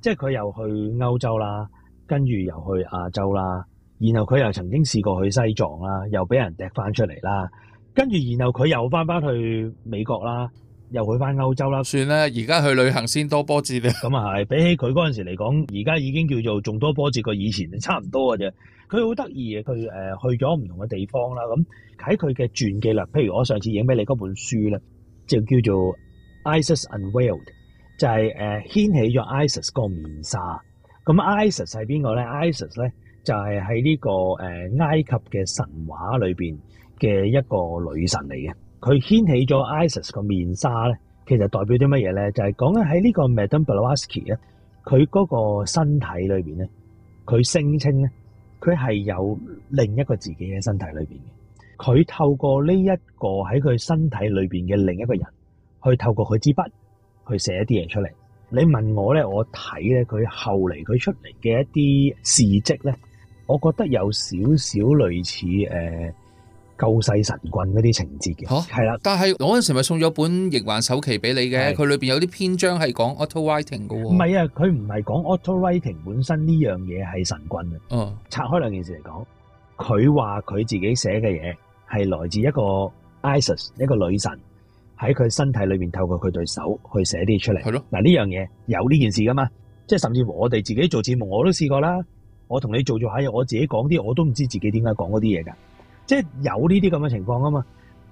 即係佢又去歐洲啦，跟住又去亞洲啦，然後佢又曾經試過去西藏啦，又俾人掟翻出嚟啦。跟住，然後佢又翻翻去美國啦，又去翻歐洲啦。算啦，而家去旅行先多波折嘅。咁啊係，比起佢嗰陣時嚟講，而家已經叫做仲多波折過以前，差唔多嘅啫。佢好得意嘅，佢誒、呃、去咗唔同嘅地方啦。咁喺佢嘅傳記啦，譬如我上次影俾你嗰本書咧，就叫做《ISIS Unveiled》，就係誒掀起咗 ISIS 個面紗。咁 ISIS 係邊個咧？ISIS 咧就係喺呢個埃及嘅神話裏邊。嘅一個女神嚟嘅，佢掀起咗 ISIS 個面紗咧，其實代表啲乜嘢咧？就係講緊喺呢個 Madame Blavatsky 咧，佢嗰個身體裏邊咧，佢聲稱咧，佢係有另一個自己嘅身體裏邊嘅。佢透過呢一個喺佢身體裏邊嘅另一個人，去透過佢支筆去寫一啲嘢出嚟。你問我咧，我睇咧佢後嚟佢出嚟嘅一啲事蹟咧，我覺得有少少類似誒。呃救世神棍嗰啲情節嘅嚇，啦、啊。的但係我嗰陣時咪送咗本《逆幻手期》俾你嘅，佢裏的面有啲篇章係講 auto writing 嘅喎。唔係、嗯、啊，佢唔係講 auto writing 本身呢樣嘢係神棍啊。嗯，拆開兩件事嚟講，佢話佢自己寫嘅嘢係來自一個 Isis IS, 一個女神喺佢身體裏面透過佢對手去寫啲出嚟。係咯的，嗱呢、啊、樣嘢有呢件事㗎嘛，即係甚至乎我哋自己做節目我都試過啦。我同你做做下嘢，我自己講啲我都唔知自己點解講嗰啲嘢㗎。即係有呢啲咁嘅情況啊嘛，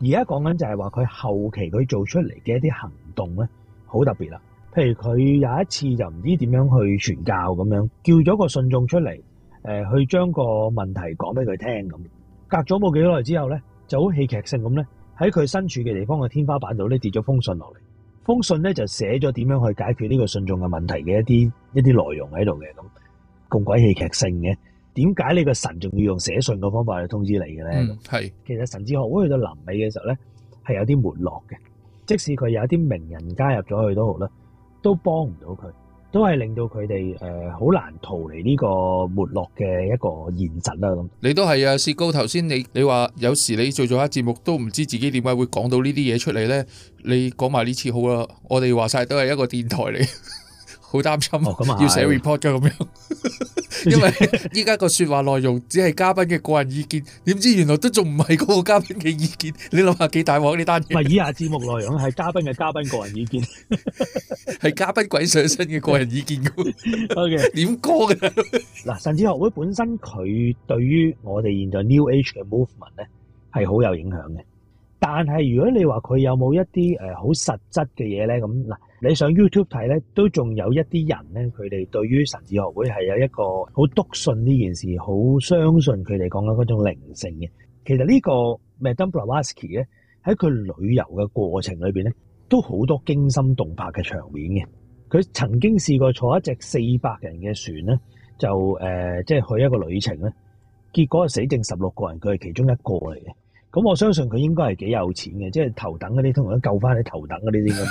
而家講緊就係話佢後期佢做出嚟嘅一啲行動咧，好特別啦。譬如佢有一次就唔知點樣去傳教咁樣，叫咗個信眾出嚟，誒，去將個問題講俾佢聽咁。隔咗冇幾耐之後咧，就好戲劇性咁咧，喺佢身處嘅地方嘅天花板度咧，跌咗封信落嚟。封信咧就寫咗點樣去解決呢個信眾嘅問題嘅一啲一啲內容喺度嘅咁，咁鬼戲劇性嘅。點解你個神仲要用寫信嘅方法去通知你嘅咧？係、嗯、其實神智學會去到臨尾嘅時候咧，係有啲沒落嘅。即使佢有啲名人加入咗去都好啦，都幫唔到佢，都係令到佢哋誒好難逃離呢個沒落嘅一個現實啦。咁你都係啊，薛高頭先你你話有時你做咗下節目都唔知自己點解會講到這些出來呢啲嘢出嚟咧。你講埋呢次好啦，我哋話晒都係一個電台嚟。好擔心，哦、要寫 report 咁樣，因為依家個說話內容只係嘉賓嘅個人意見，點知 原來都仲唔係嗰個嘉賓嘅意見？你諗下幾大鑊，呢單唔係以下節目內容係嘉賓嘅嘉賓個人意見，係 嘉賓鬼上身嘅個人意見咁。O K 點講嘅？嗱，神智學會本身佢對於我哋現在 New Age 嘅 movement 咧係好有影響嘅，但係如果你話佢有冇一啲誒好實質嘅嘢咧咁嗱？你上 YouTube 睇咧，都仲有一啲人咧，佢哋對於神智學會係有一個好篤信呢件事，好相信佢哋講緊嗰種靈性嘅。其實呢個 Madam Blavatsky 咧，喺佢旅遊嘅過程裏面咧，都好多驚心動魄嘅場面嘅。佢曾經試過坐一隻四百人嘅船咧，就即係、呃即係、去一個旅程咧，結果死剩十六個人，佢係其中一個嚟嘅。咁我相信佢應該係幾有錢嘅，即係頭等嗰啲，通常都救翻你頭等嗰啲先噶嘛。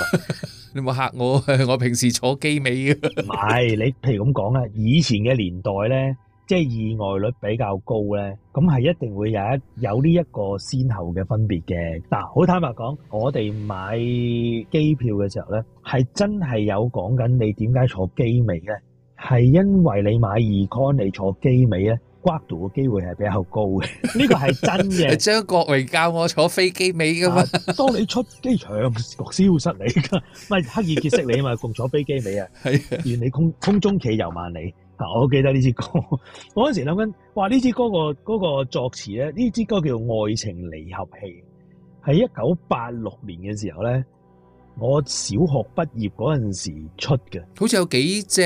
你冇嚇我，我平時坐機尾嘅。唔係，你譬如咁講咧，以前嘅年代咧，即係意外率比較高咧，咁係一定會有一有呢一個先後嘅分別嘅。嗱，好坦白講，我哋買機票嘅時候咧，係真係有講緊你點解坐機尾咧，係因為你買二 con 你坐機尾咧。掛到嘅機會係比較高嘅，呢、呢個係真嘅。張國榮教我坐飛機尾㗎嘛，當你出機場 消失你，唔係刻意結識你啊嘛， 共坐飛機尾啊，願 你空空中騎遊萬里。嗱，我記得呢支歌，我嗰陣時諗緊，哇！呢支歌，嗰個作詞咧，呢支歌叫《愛情離合器》，喺一九八六年嘅時候咧。我小學畢業嗰陣時出嘅，好似有幾隻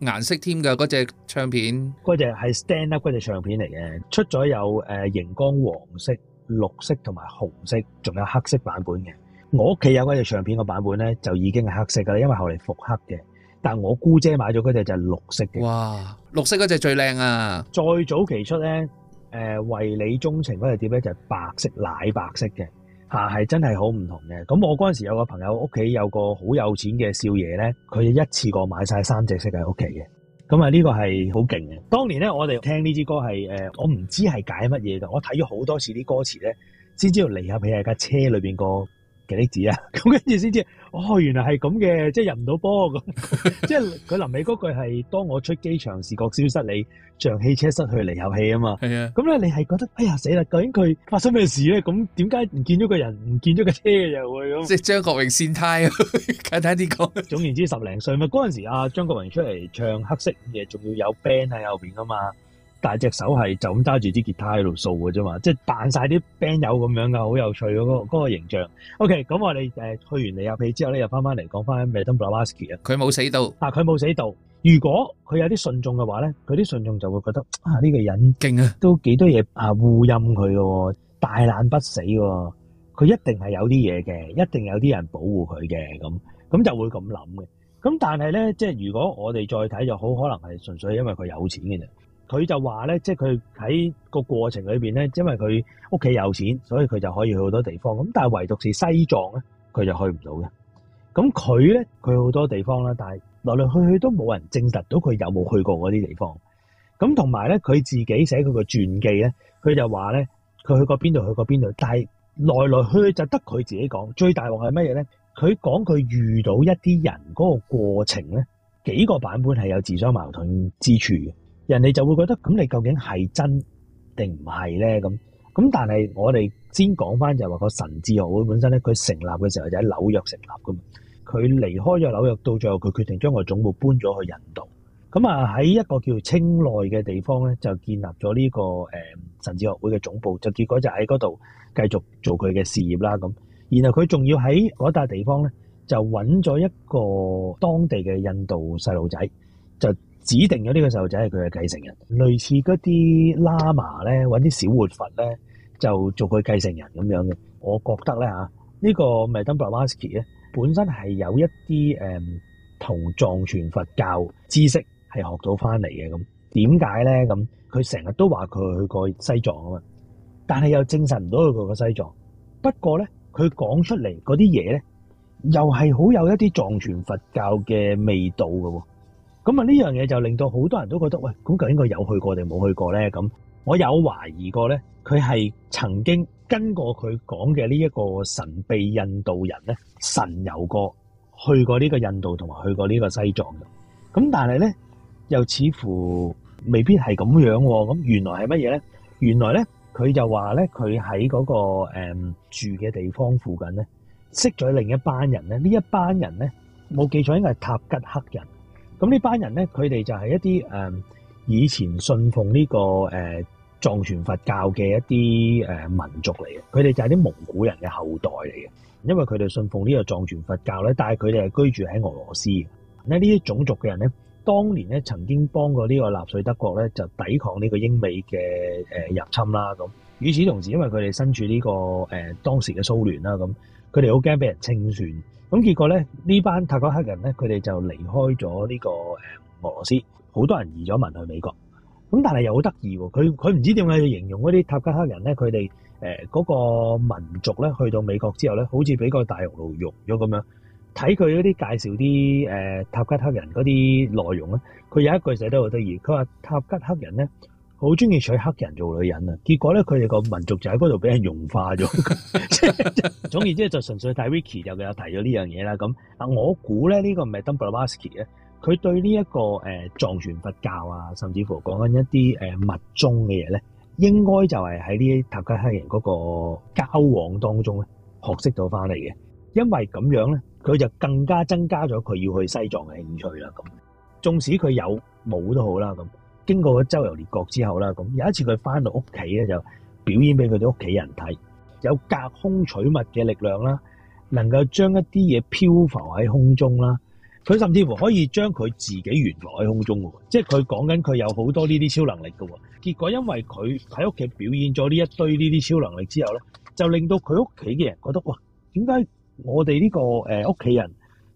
顏色添嘅嗰隻唱片。嗰隻係 Stand Up 嗰隻唱片嚟嘅，出咗有誒熒光黃色、綠色同埋紅色，仲有黑色版本嘅。我屋企有嗰隻唱片嘅版本咧，就已經係黑色噶啦，因為後嚟復黑嘅。但係我姑姐買咗嗰隻就係綠色嘅。哇，綠色嗰隻最靚啊！再早期出咧，誒為你鍾情嗰隻碟咧就係白色、奶白色嘅。啊，係真係好唔同嘅。咁我嗰陣時有個朋友屋企有個好有錢嘅少爺咧，佢一次過買晒三隻色喺屋企嘅。咁啊呢個係好勁嘅。當年咧我哋聽呢支歌係誒、呃，我唔知係解乜嘢噶。我睇咗好多次啲歌詞咧，先知道離合器係架車裏邊個。嘅啊，咁跟住先知哦，原來係咁嘅，即係入唔到波咁， 即係佢臨尾嗰句係，當我出機場視覺消失你，你像汽車失去離合器啊嘛，係啊的，咁咧你係覺得哎呀死啦，究竟佢發生咩事咧？咁點解唔見咗個人，唔見咗個車嘅又會咁？即係張國榮先態、啊，簡單啲講。總言之十，十零歲咪嗰陣時，啊張國榮出嚟唱黑色午夜，仲要有 band 喺後邊噶嘛。大隻手係就咁揸住啲吉他喺度掃嘅啫嘛，即係扮晒啲 band 友咁樣嘅，好有趣嗰、嗰個形象。OK，咁我哋誒、呃、去完尼亞庇之後咧，又翻翻嚟講翻 Madame Blavatsky 佢冇死到，但佢冇死到。如果佢有啲信眾嘅話咧，佢啲信眾就會覺得啊呢、呢個人勁啊，都幾多嘢啊護蔭佢嘅喎，大難不死喎，佢一定係有啲嘢嘅，一定有啲人保護佢嘅咁，咁就會咁諗嘅。咁但係咧，即係如果我哋再睇，就好可能係純粹因為佢有錢嘅啫。佢就話咧，即係佢喺個過程裏面咧，因為佢屋企有錢，所以佢就可以去好多地方。咁但係唯獨是西藏咧，佢就去唔到嘅。咁佢咧，佢好多地方啦，但係來來去去都冇人證實到佢有冇去過嗰啲地方。咁同埋咧，佢自己寫佢嘅傳記咧，佢就話咧，佢去過邊度，去過邊度。但係來來去去就得佢自己講。最大鑊係乜嘢咧？佢講佢遇到一啲人嗰個過程咧，幾個版本係有自相矛盾之處嘅。人哋就會覺得咁，你究竟係真定唔係呢？咁咁，但係我哋先講返就話個神智學會本身呢，佢成立嘅時候就喺紐約成立噶嘛。佢離開咗紐約到最後，佢決定將個總部搬咗去印度。咁啊，喺一個叫清奈嘅地方呢，就建立咗呢、這個、呃、神智學會嘅總部。就結果就喺嗰度繼續做佢嘅事業啦。咁然後佢仲要喺嗰笪地方呢，就揾咗一個當地嘅印度細路仔就。指定咗呢個細路仔係佢嘅繼承人，類似嗰啲喇嘛咧，搵啲小活佛咧，就做佢繼承人咁樣嘅。我覺得咧嚇，呢個 Madam Blavatsky 咧本身係有一啲誒同藏傳佛教知識係學到翻嚟嘅咁。點解咧咁？佢成日都話佢去過西藏啊嘛，但係又證實唔到佢去過西藏。不過咧，佢講出嚟嗰啲嘢咧，又係好有一啲藏傳佛教嘅味道嘅喎。咁究竟啊，呢樣嘢就令到好多人都覺得，喂，咁佢應該有去過定冇去過呢？咁我有懷疑過呢，佢係曾經跟過佢講嘅呢一個神秘印度人呢，神遊過，去過呢個印度同埋去過呢個西藏。咁但係呢，又似乎未必係咁樣，啊。咁原來係乜嘢呢？原來呢，佢就話呢，那個，佢喺嗰個誒住嘅地方附近呢，識咗另一班人呢，呢一班人呢，冇記錯應該係塔吉克人。咁呢班人咧，佢哋就係一啲誒以前信奉呢個誒藏傳佛教嘅一啲誒民族嚟嘅，佢哋就係啲蒙古人嘅後代嚟嘅，因為佢哋信奉呢個藏傳佛教咧，但係佢哋係居住喺俄羅斯嘅。呢啲種族嘅人咧，當年咧曾經幫過呢個納粹德國咧，就抵抗呢個英美嘅入侵啦。咁，與此同時，因為佢哋身處呢個誒當時嘅蘇聯啦，咁佢哋好驚俾人清算。咁結果咧，呢班塔加克人咧，佢哋就離開咗呢個誒俄羅斯，好多人移咗民去美國。咁但係又好得意喎，佢佢唔知點解形容嗰啲塔加克人咧，佢哋誒嗰個民族咧，去到美國之後咧，好似俾個大熔爐溶咗咁樣。睇佢嗰啲介紹啲誒塔加克人嗰啲內容咧，佢有一句寫得好得意，佢話塔加克人咧。好中意娶黑人做女人啊！結果咧，佢哋個民族就喺嗰度俾人融化咗。 總言之，就純粹睇 Ricky 就有提咗呢樣嘢啦。咁啊，我估咧呢個 Madame Blavatsky 嘅，佢對呢一個誒藏傳佛教啊，甚至乎講緊一啲誒密宗嘅嘢咧，應該就係喺呢啲塔吉克人嗰個交往當中咧學識到翻嚟嘅。因為咁樣咧，佢就更加增加咗佢要去西藏嘅興趣啦。咁，縱使佢有冇都好啦咁。經過咗周遊列國之後啦，咁有一次佢翻到屋企咧，就表演俾佢哋屋企人睇，有隔空取物嘅力量啦，能夠將一啲嘢漂浮喺空中啦，佢甚至乎可以將佢自己懸浮喺空中嘅，即係佢講緊佢有好多呢啲超能力嘅。結果因為佢喺屋企表演咗呢一堆呢啲超能力之後咧，就令到佢屋企嘅人覺得，哇，點解我哋呢、這個誒屋企人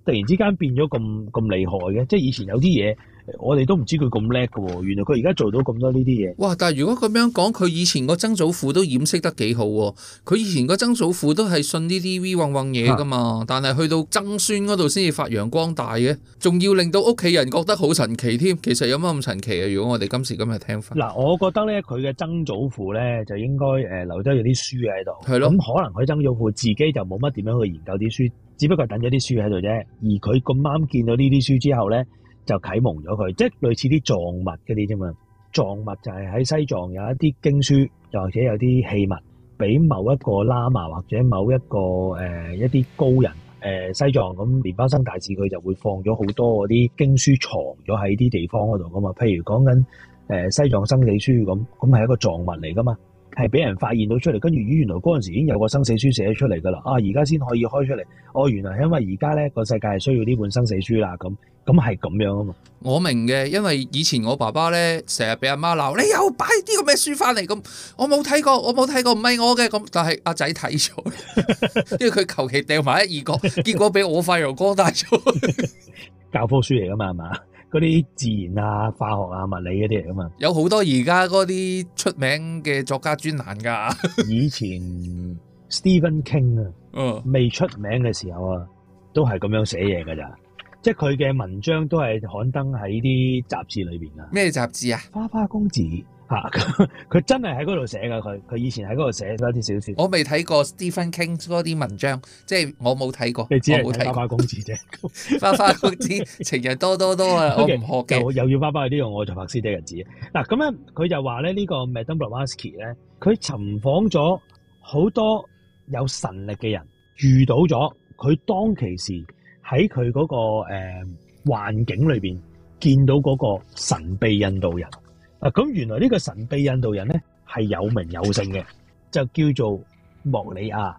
突然之間變咗咁咁厲害嘅？即係以前有啲嘢。我哋都唔知佢咁叻㗎喎，原來佢而家做到咁多呢啲嘢。哇！但係如果咁樣講，佢以前個曾祖父都掩飾得幾好喎。佢以前個曾祖父都係信呢啲 V 旺旺嘢噶嘛。的但係去到曾孫嗰度先至發揚光大嘅，仲要令到屋企人覺得好神奇添。其實有乜咁神奇啊？如果我哋今時今日聽翻嗱，我覺得咧佢嘅曾祖父咧就應該誒、呃、留低有啲書喺度，咁的可能佢曾祖父自己就冇乜點樣去研究啲書，只不過等咗啲書喺度啫。而佢咁啱見到呢啲書之後咧。就啟蒙咗佢，即係類似啲藏物嗰啲啫嘛。藏物就係喺西藏有一啲經書，又或者有啲器物，俾某一個喇嘛或者某一個誒、呃、一啲高人誒、呃、西藏咁蓮花生大事大士，佢就會放咗好多嗰啲經書藏咗喺啲地方嗰度噶嘛。譬如講緊誒西藏生死書咁，咁係一個藏物嚟噶嘛。係俾人發現到出嚟，跟住咦，原來嗰陣時已經有個生死書寫咗出嚟噶啦，啊，而家先可以開出嚟。哦、啊，原來係因為而家咧個世界係需要呢本生死書啦。咁咁係咁樣啊嘛。我明嘅，因為以前我爸爸咧成日俾阿媽鬧，你又擺啲咁嘅書翻嚟咁，我冇睇過，我冇睇過，唔係我嘅咁，但係阿仔睇咗， 因為佢求其掟埋一二個，結果俾我塊肉帶咗。 教科書嚟噶嘛，係嘛？嗰啲自然啊、化學啊、物理嗰啲嚟㗎嘛，有好多而家嗰啲出名嘅作家專欄㗎。 以前 Stephen King 啊，嗯，未出名嘅時候啊，都係咁樣寫嘢㗎咋，即係佢嘅文章都係刊登喺啲雜誌裏邊啊。咩雜誌啊？花花公子。嚇！佢 真係喺嗰度寫噶，佢佢以前喺嗰度寫咗一啲小説。我未睇過 Stephen King 嗰啲文章，即係我冇睇過。你只係睇花花公子啫，花花公子情人多多多 okay，不啊！我唔學嘅。我又要花花呢啲，我做拍攝的日子。嗱，咁樣佢就話咧，呢個 Madame Blavatsky 咧，佢尋訪咗好多有神力嘅人，遇到咗佢當其時喺佢嗰個誒、呃、環境裏邊見到嗰個神秘印度人。咁原來呢個神秘印度人咧，係有名有姓嘅，就叫做莫里亞。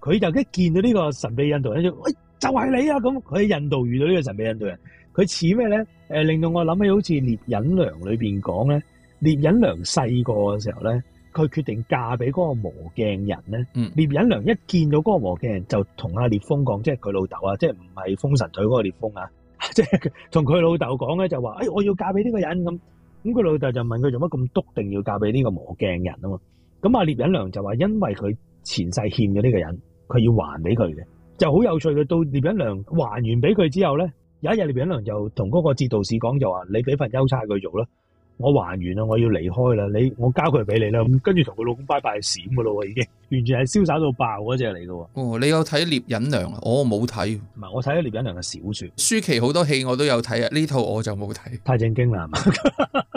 佢就一見到呢個神秘印度人，就喂、哎、就係、是、你啊！咁佢喺印度遇到呢個神秘印度人，佢似咩咧？誒，令到我諗起好似《聶隱娘》裏邊講咧，《聶隱娘》細個嘅時候咧，佢決定嫁俾嗰個磨鏡人咧。嗯，《聶隱娘》一見到嗰個磨鏡人就他他，就同阿聶峰講，即係佢老豆啊，即係唔係風神腿嗰個聶峰啊，即係同佢老豆講咧，就話，誒，我要嫁俾呢個人咁。咁佢老豆就問佢做乜咁篤定要嫁俾呢個磨鏡人啊嘛？咁阿聶隱娘就話，因為佢前世欠咗呢個人，佢要還俾佢嘅，就好有趣嘅。到聶隱娘還完俾佢之後咧，有一日聶隱娘就同嗰個節道士講就話：你俾份優差佢做啦。我還完啦，我要離開啦。你我交佢俾你啦，咁跟住同佢老公拜拜閃噶咯，已經、嗯、完全係瀟灑到爆嗰隻嚟噶。哦，你有睇《聶隱娘》啊、哦？我冇睇。唔係我睇《聶隱娘》嘅小說。舒淇好多戲我都有睇啊，呢套我就冇睇。太正經啦，係嘛？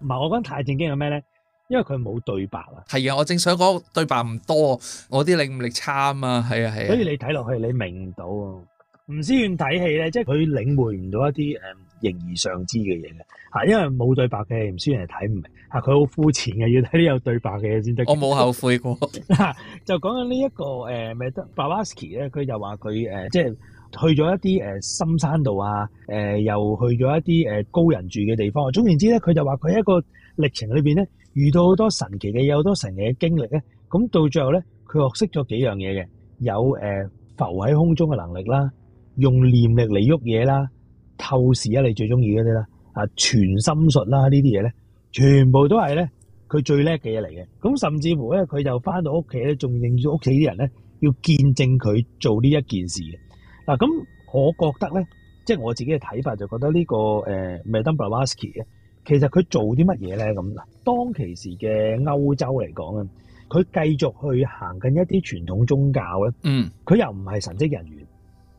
唔係、嗯、 我講太正經係咩咧？因為佢冇對白啊。係啊，我正想講對白唔多，我啲領悟力差啊嘛。係啊係啊。啊所以你睇落去你明唔到啊？吳思遠睇戲咧，即係佢領會唔到一啲誒、嗯、形而上之嘅嘢嘅。係，因為冇對白嘅唔自然嚟睇唔明。係佢好膚淺嘅，要睇啲有對白嘅先得。我冇後悔過 就、這個呃就呃。就講緊呢一個誒，咪得 Blavatsky 咧。佢又話佢即係去咗一啲誒深山度啊，誒、呃、又去咗一啲誒高人住嘅地方。總言之咧，佢就話佢一個歷程裏面咧，遇到好多神奇嘅，有好多神奇嘅經歷咧。咁到最後咧，佢學識咗幾樣嘢嘅，有誒、呃、浮喺空中嘅能力啦，用念力嚟喐嘢啦，透視啊，你最中意嗰啲啦。啊！全心術啦，呢啲嘢咧，全部都係咧佢最叻嘅嘢嚟嘅。咁甚至乎咧，佢就翻到屋企咧，仲認住屋企啲人咧，要見證佢做呢一件事嘅嗱。咁、啊、我覺得咧，即、就、係、是、我自己嘅睇法，就覺得呢、這個誒 Madame Blavatsky 咧，呃、ky, 其實佢做啲乜嘢咧咁嗱。當其時嘅歐洲嚟講啊，佢繼續去行緊一啲傳統宗教咧，嗯，佢又唔係神職人員，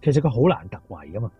其實佢好難突圍噶嘛，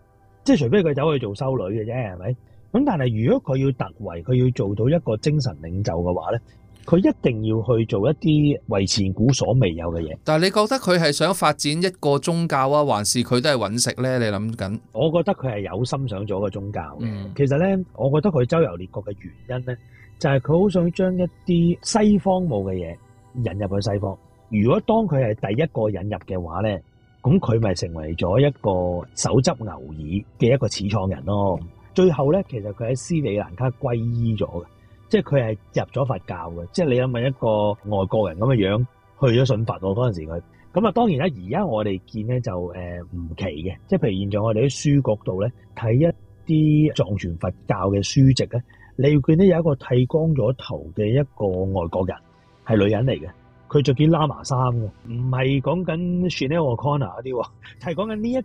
即係除非佢走去做修女嘅啫，係咪？咁但係如果佢要突圍，佢要做到一個精神領袖嘅話呢，佢一定要去做一啲為前古所未有嘅嘢。但係你覺得佢係想發展一個宗教啊，還是佢都係揾食呢？你諗緊？我覺得佢係有心想做個宗教。嗯、其實呢，我覺得佢周遊列國嘅原因呢，就係佢好想將一啲西方冇嘅嘢引入去西方。如果當佢係第一個引入嘅話呢，咁佢咪成為咗一個手執牛耳嘅一個始創人咯。最後咧，其實佢喺斯里蘭卡皈依咗嘅，即係佢係入咗佛教嘅。即係你有問一個外國人咁嘅樣，的樣去咗信佛嗰嗰陣時佢，咁啊當然啦，而家我哋見咧就誒唔奇嘅，即係譬如現在我哋喺書局度咧睇一啲藏傳佛教嘅書籍咧，你要見咧有一個剃光咗頭嘅一個外國人，係女人嚟嘅。佢着件喇嘛衫喎，唔係講緊 Sinéad O'Connor 啲喎，係講緊呢一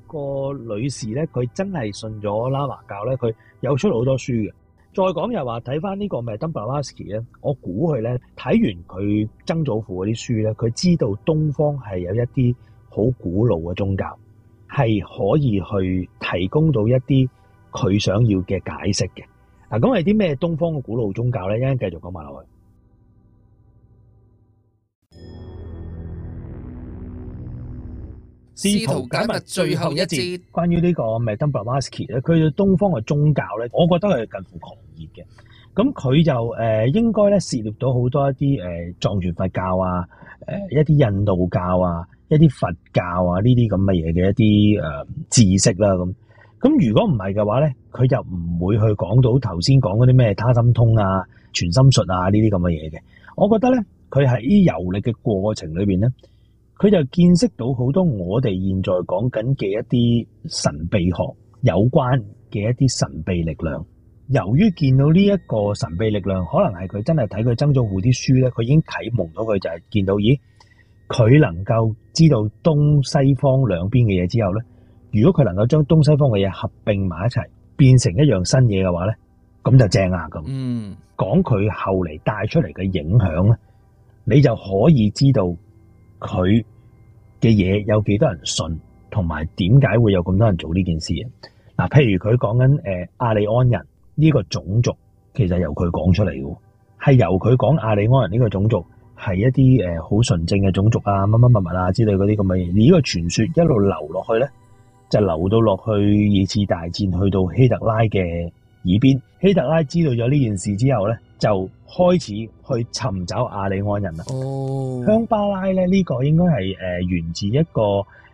個女士咧，佢真係信咗喇嘛教咧，佢又出好多書嘅。再講又話睇翻呢個 Madame Blavatsky 咧，我估佢咧睇完佢曾祖父嗰啲書咧，佢知道東方係有一啲好古老嘅宗教，係可以去提供到一啲佢想要嘅解釋嘅。嗱，咁係啲咩東方嘅古老宗教咧？一陣繼續講埋落去。試圖解密最後一節關於呢個 Madame Blavatsky 咧，佢對東方嘅宗教咧，我覺得係近乎狂熱嘅。咁佢就誒應該咧涉獵到好多一啲誒藏傳佛教啊、誒一啲印度教啊、一啲佛教啊呢啲咁嘅嘢嘅一啲誒知識啦。咁咁如果唔係嘅話咧，佢就唔會去講到頭先講嗰啲咩他心通啊、全心術啊呢啲咁嘅嘢嘅。我覺得咧，佢喺遊歷嘅過程裏邊咧，佢就見識到好多我哋現在講緊嘅一啲神秘學有關嘅一啲神秘力量。由於見到呢一個神秘力量，可能係佢真係睇佢曾祖父啲書咧，佢已經啟蒙到佢就係見到，咦，佢能夠知道東西方兩邊嘅嘢之後咧，如果佢能夠將東西方嘅嘢合併埋一齊，變成一樣新嘢嘅話咧，咁就正啊！咁，嗯，講佢後嚟帶出嚟嘅影響咧，你就可以知道。佢嘅嘢有幾多人信，同埋點解會有咁多人做呢件事？嗱，譬如佢講緊誒，阿里安人呢個種族，其實由佢講出嚟嘅，係由佢講阿里安人呢個種族係一啲誒好純正嘅種族啊，乜乜乜物啊之類嗰啲咁嘅嘢。呢個傳說一路流落去咧，就流到落去二次大戰，去到希特拉嘅耳邊。希特拉知道咗呢件事之後咧。就開始去尋找亞利安人啦。哦，oh. 香巴拉咧呢、呢個應該係、呃、源自一個、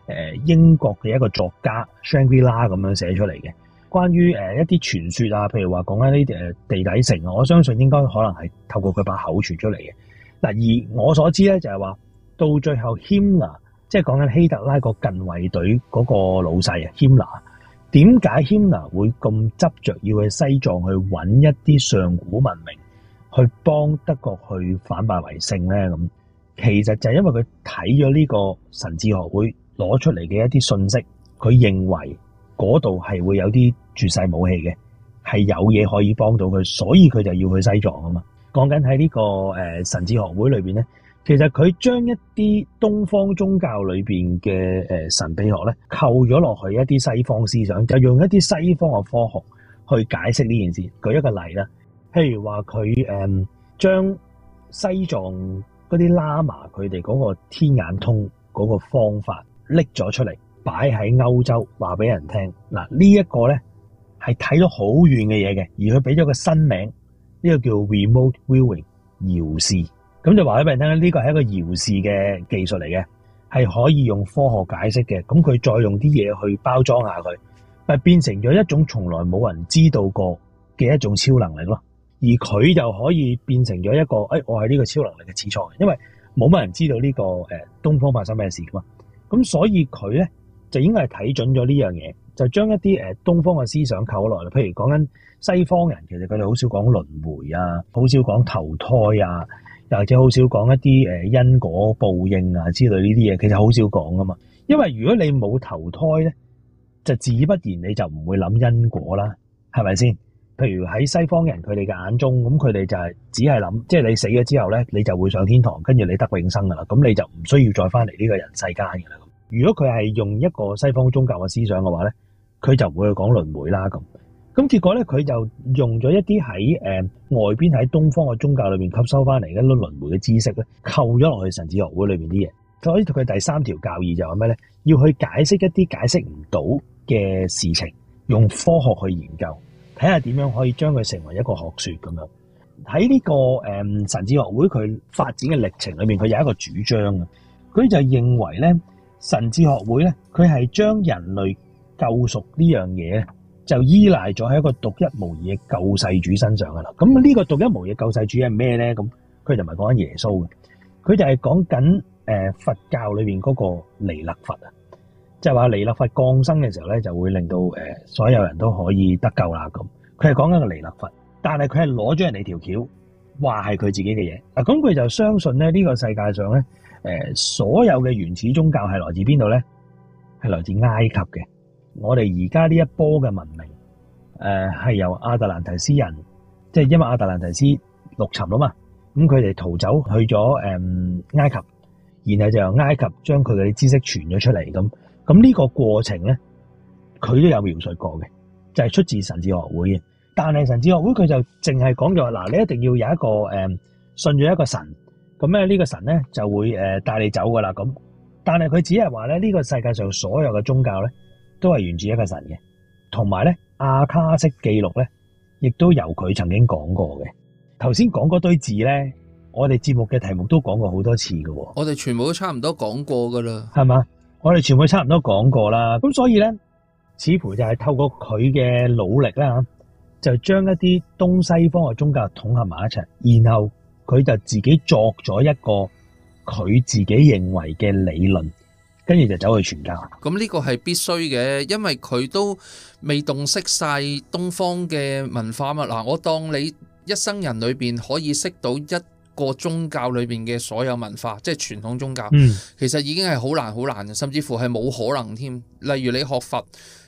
呃、英國嘅一個作家 Shangri-La 咁 樣寫出嚟嘅，關於、呃、一啲傳說啊，譬如話講緊呢啲地底城啊。我相信應該可能係透過佢把口傳出嚟嘅嗱。而我所知咧就係、係、話到最後，Himmler 即係講緊希特拉個近衛隊嗰個老細啊，Himmler 點解 Himmler 會咁執着要去西藏去揾一啲上古文明？去幫德國去反敗為勝呢，咁，其實就係因為佢睇咗呢個神智學會攞出嚟嘅一啲信息，佢認為嗰度係會有啲絕世武器嘅，係有嘢可以幫到佢，所以佢就要去西藏啊嘛。講緊喺呢個誒神智學會裏邊呢，其實佢將一啲東方宗教裏邊嘅誒神秘學呢，扣咗落去一啲西方思想，就用一啲西方嘅科學去解釋呢件事。舉一個例啦。譬如話佢誒，將西藏嗰啲喇嘛佢哋嗰個天眼通嗰個方法拎咗出嚟，擺喺歐洲話俾人聽。嗱呢一個咧係睇咗好遠嘅嘢嘅，而佢俾咗個新名，呢個叫 remote viewing 遙視。咁就話俾人聽呢個係一個遙視嘅技術嚟嘅，係可以用科學解釋嘅。咁佢再用啲嘢去包裝下佢，咪變成咗一種從來冇人知道過嘅一種超能力咯。而佢又可以變成咗一個，哎，我係呢個超能力嘅始創，因為冇乜人知道呢個誒東方發生咩事噶嘛，咁所以佢咧就應該係睇準咗呢樣嘢，就將一啲誒東方嘅思想扣落嚟，譬如講緊西方人其實佢哋好少講輪迴啊，好少講投胎啊，又或者好少講一啲誒因果報應啊之類呢啲嘢，其實好少講噶嘛，因為如果你冇投胎咧，就自不然你就唔會諗因果啦，係咪先？譬如喺西方人佢哋嘅眼中，咁佢哋就係只係諗，即係你死咗之後咧，你就會上天堂，跟住你得永生噶啦，咁你就唔需要再翻嚟呢個人世間噶啦。如果佢係用一個西方宗教嘅思想嘅話咧，佢就唔會去講輪迴啦咁。咁結果咧，佢就用咗一啲喺誒外邊喺東方嘅宗教裏邊吸收翻嚟一啲輪迴嘅知識咧，扣咗落去神智學會裏邊啲嘢。所以佢第三條教義就係咩咧？要去解釋一啲解釋唔到嘅事情，用科學去研究。睇下點樣可以將佢成為一個學說咁樣。喺呢個誒神智學會佢發展嘅歷程裏面，佢有一個主張啊，佢就認為咧，神智學會咧，佢係將人類救贖呢樣嘢就依賴咗喺一個獨一無二嘅救世主身上噶啦。咁呢、嗯、個獨一無二嘅救世主係咩咧？咁佢就唔係講緊耶穌嘅，佢就係講緊誒佛教裏面嗰個彌勒佛啊。即係話彌勒佛降生嘅時候咧，就會令到誒，所有人都可以得救啦。咁佢係講緊個彌勒佛，但係佢係攞咗人哋條橋，話係佢自己嘅嘢。咁佢就相信咧，呢個世界上咧，誒，所有嘅原始宗教係來自邊度咧？係來自埃及嘅。我哋而家呢一波嘅文明，誒，係由亞特蘭提斯人，即係因為亞特蘭提斯陸沉啦嘛，咁佢哋逃走去咗誒埃及，然後就由埃及將佢嘅知識傳咗出嚟咁。咁呢個過程咧，佢都有描述過嘅，就係、是、出自神智學會嘅。但係神智學會佢就淨係講咗：「話，嗱，你一定要有一個誒、嗯、信咗一個神」，咁咧呢個神咧就會誒帶你走噶啦。咁，但係佢只係話咧，呢、這個世界上所有嘅宗教咧，都係源自一個神嘅。同埋咧，阿卡式記錄咧，亦都由佢曾經講過嘅。頭先講嗰堆字咧，我哋節目嘅題目都講過好多次噶。我哋全部都差唔多講過噶啦，係嘛？我哋全部差唔多講過啦，咁所以呢，似乎就係透過佢嘅努力啦吓，就將一啲東西方嘅宗教統合埋一齊，然後佢就自己作咗一個佢自己認為嘅理論，跟住就走去傳教。咁呢個係必須嘅，因為佢都未洞悉晒東方嘅文化嘛。嗱，我當你一生人裏邊可以識到一。個宗教裏邊嘅所有文化，即係傳統宗教，嗯、其實已經係好難好難，甚至乎係冇可能添。例如你學佛，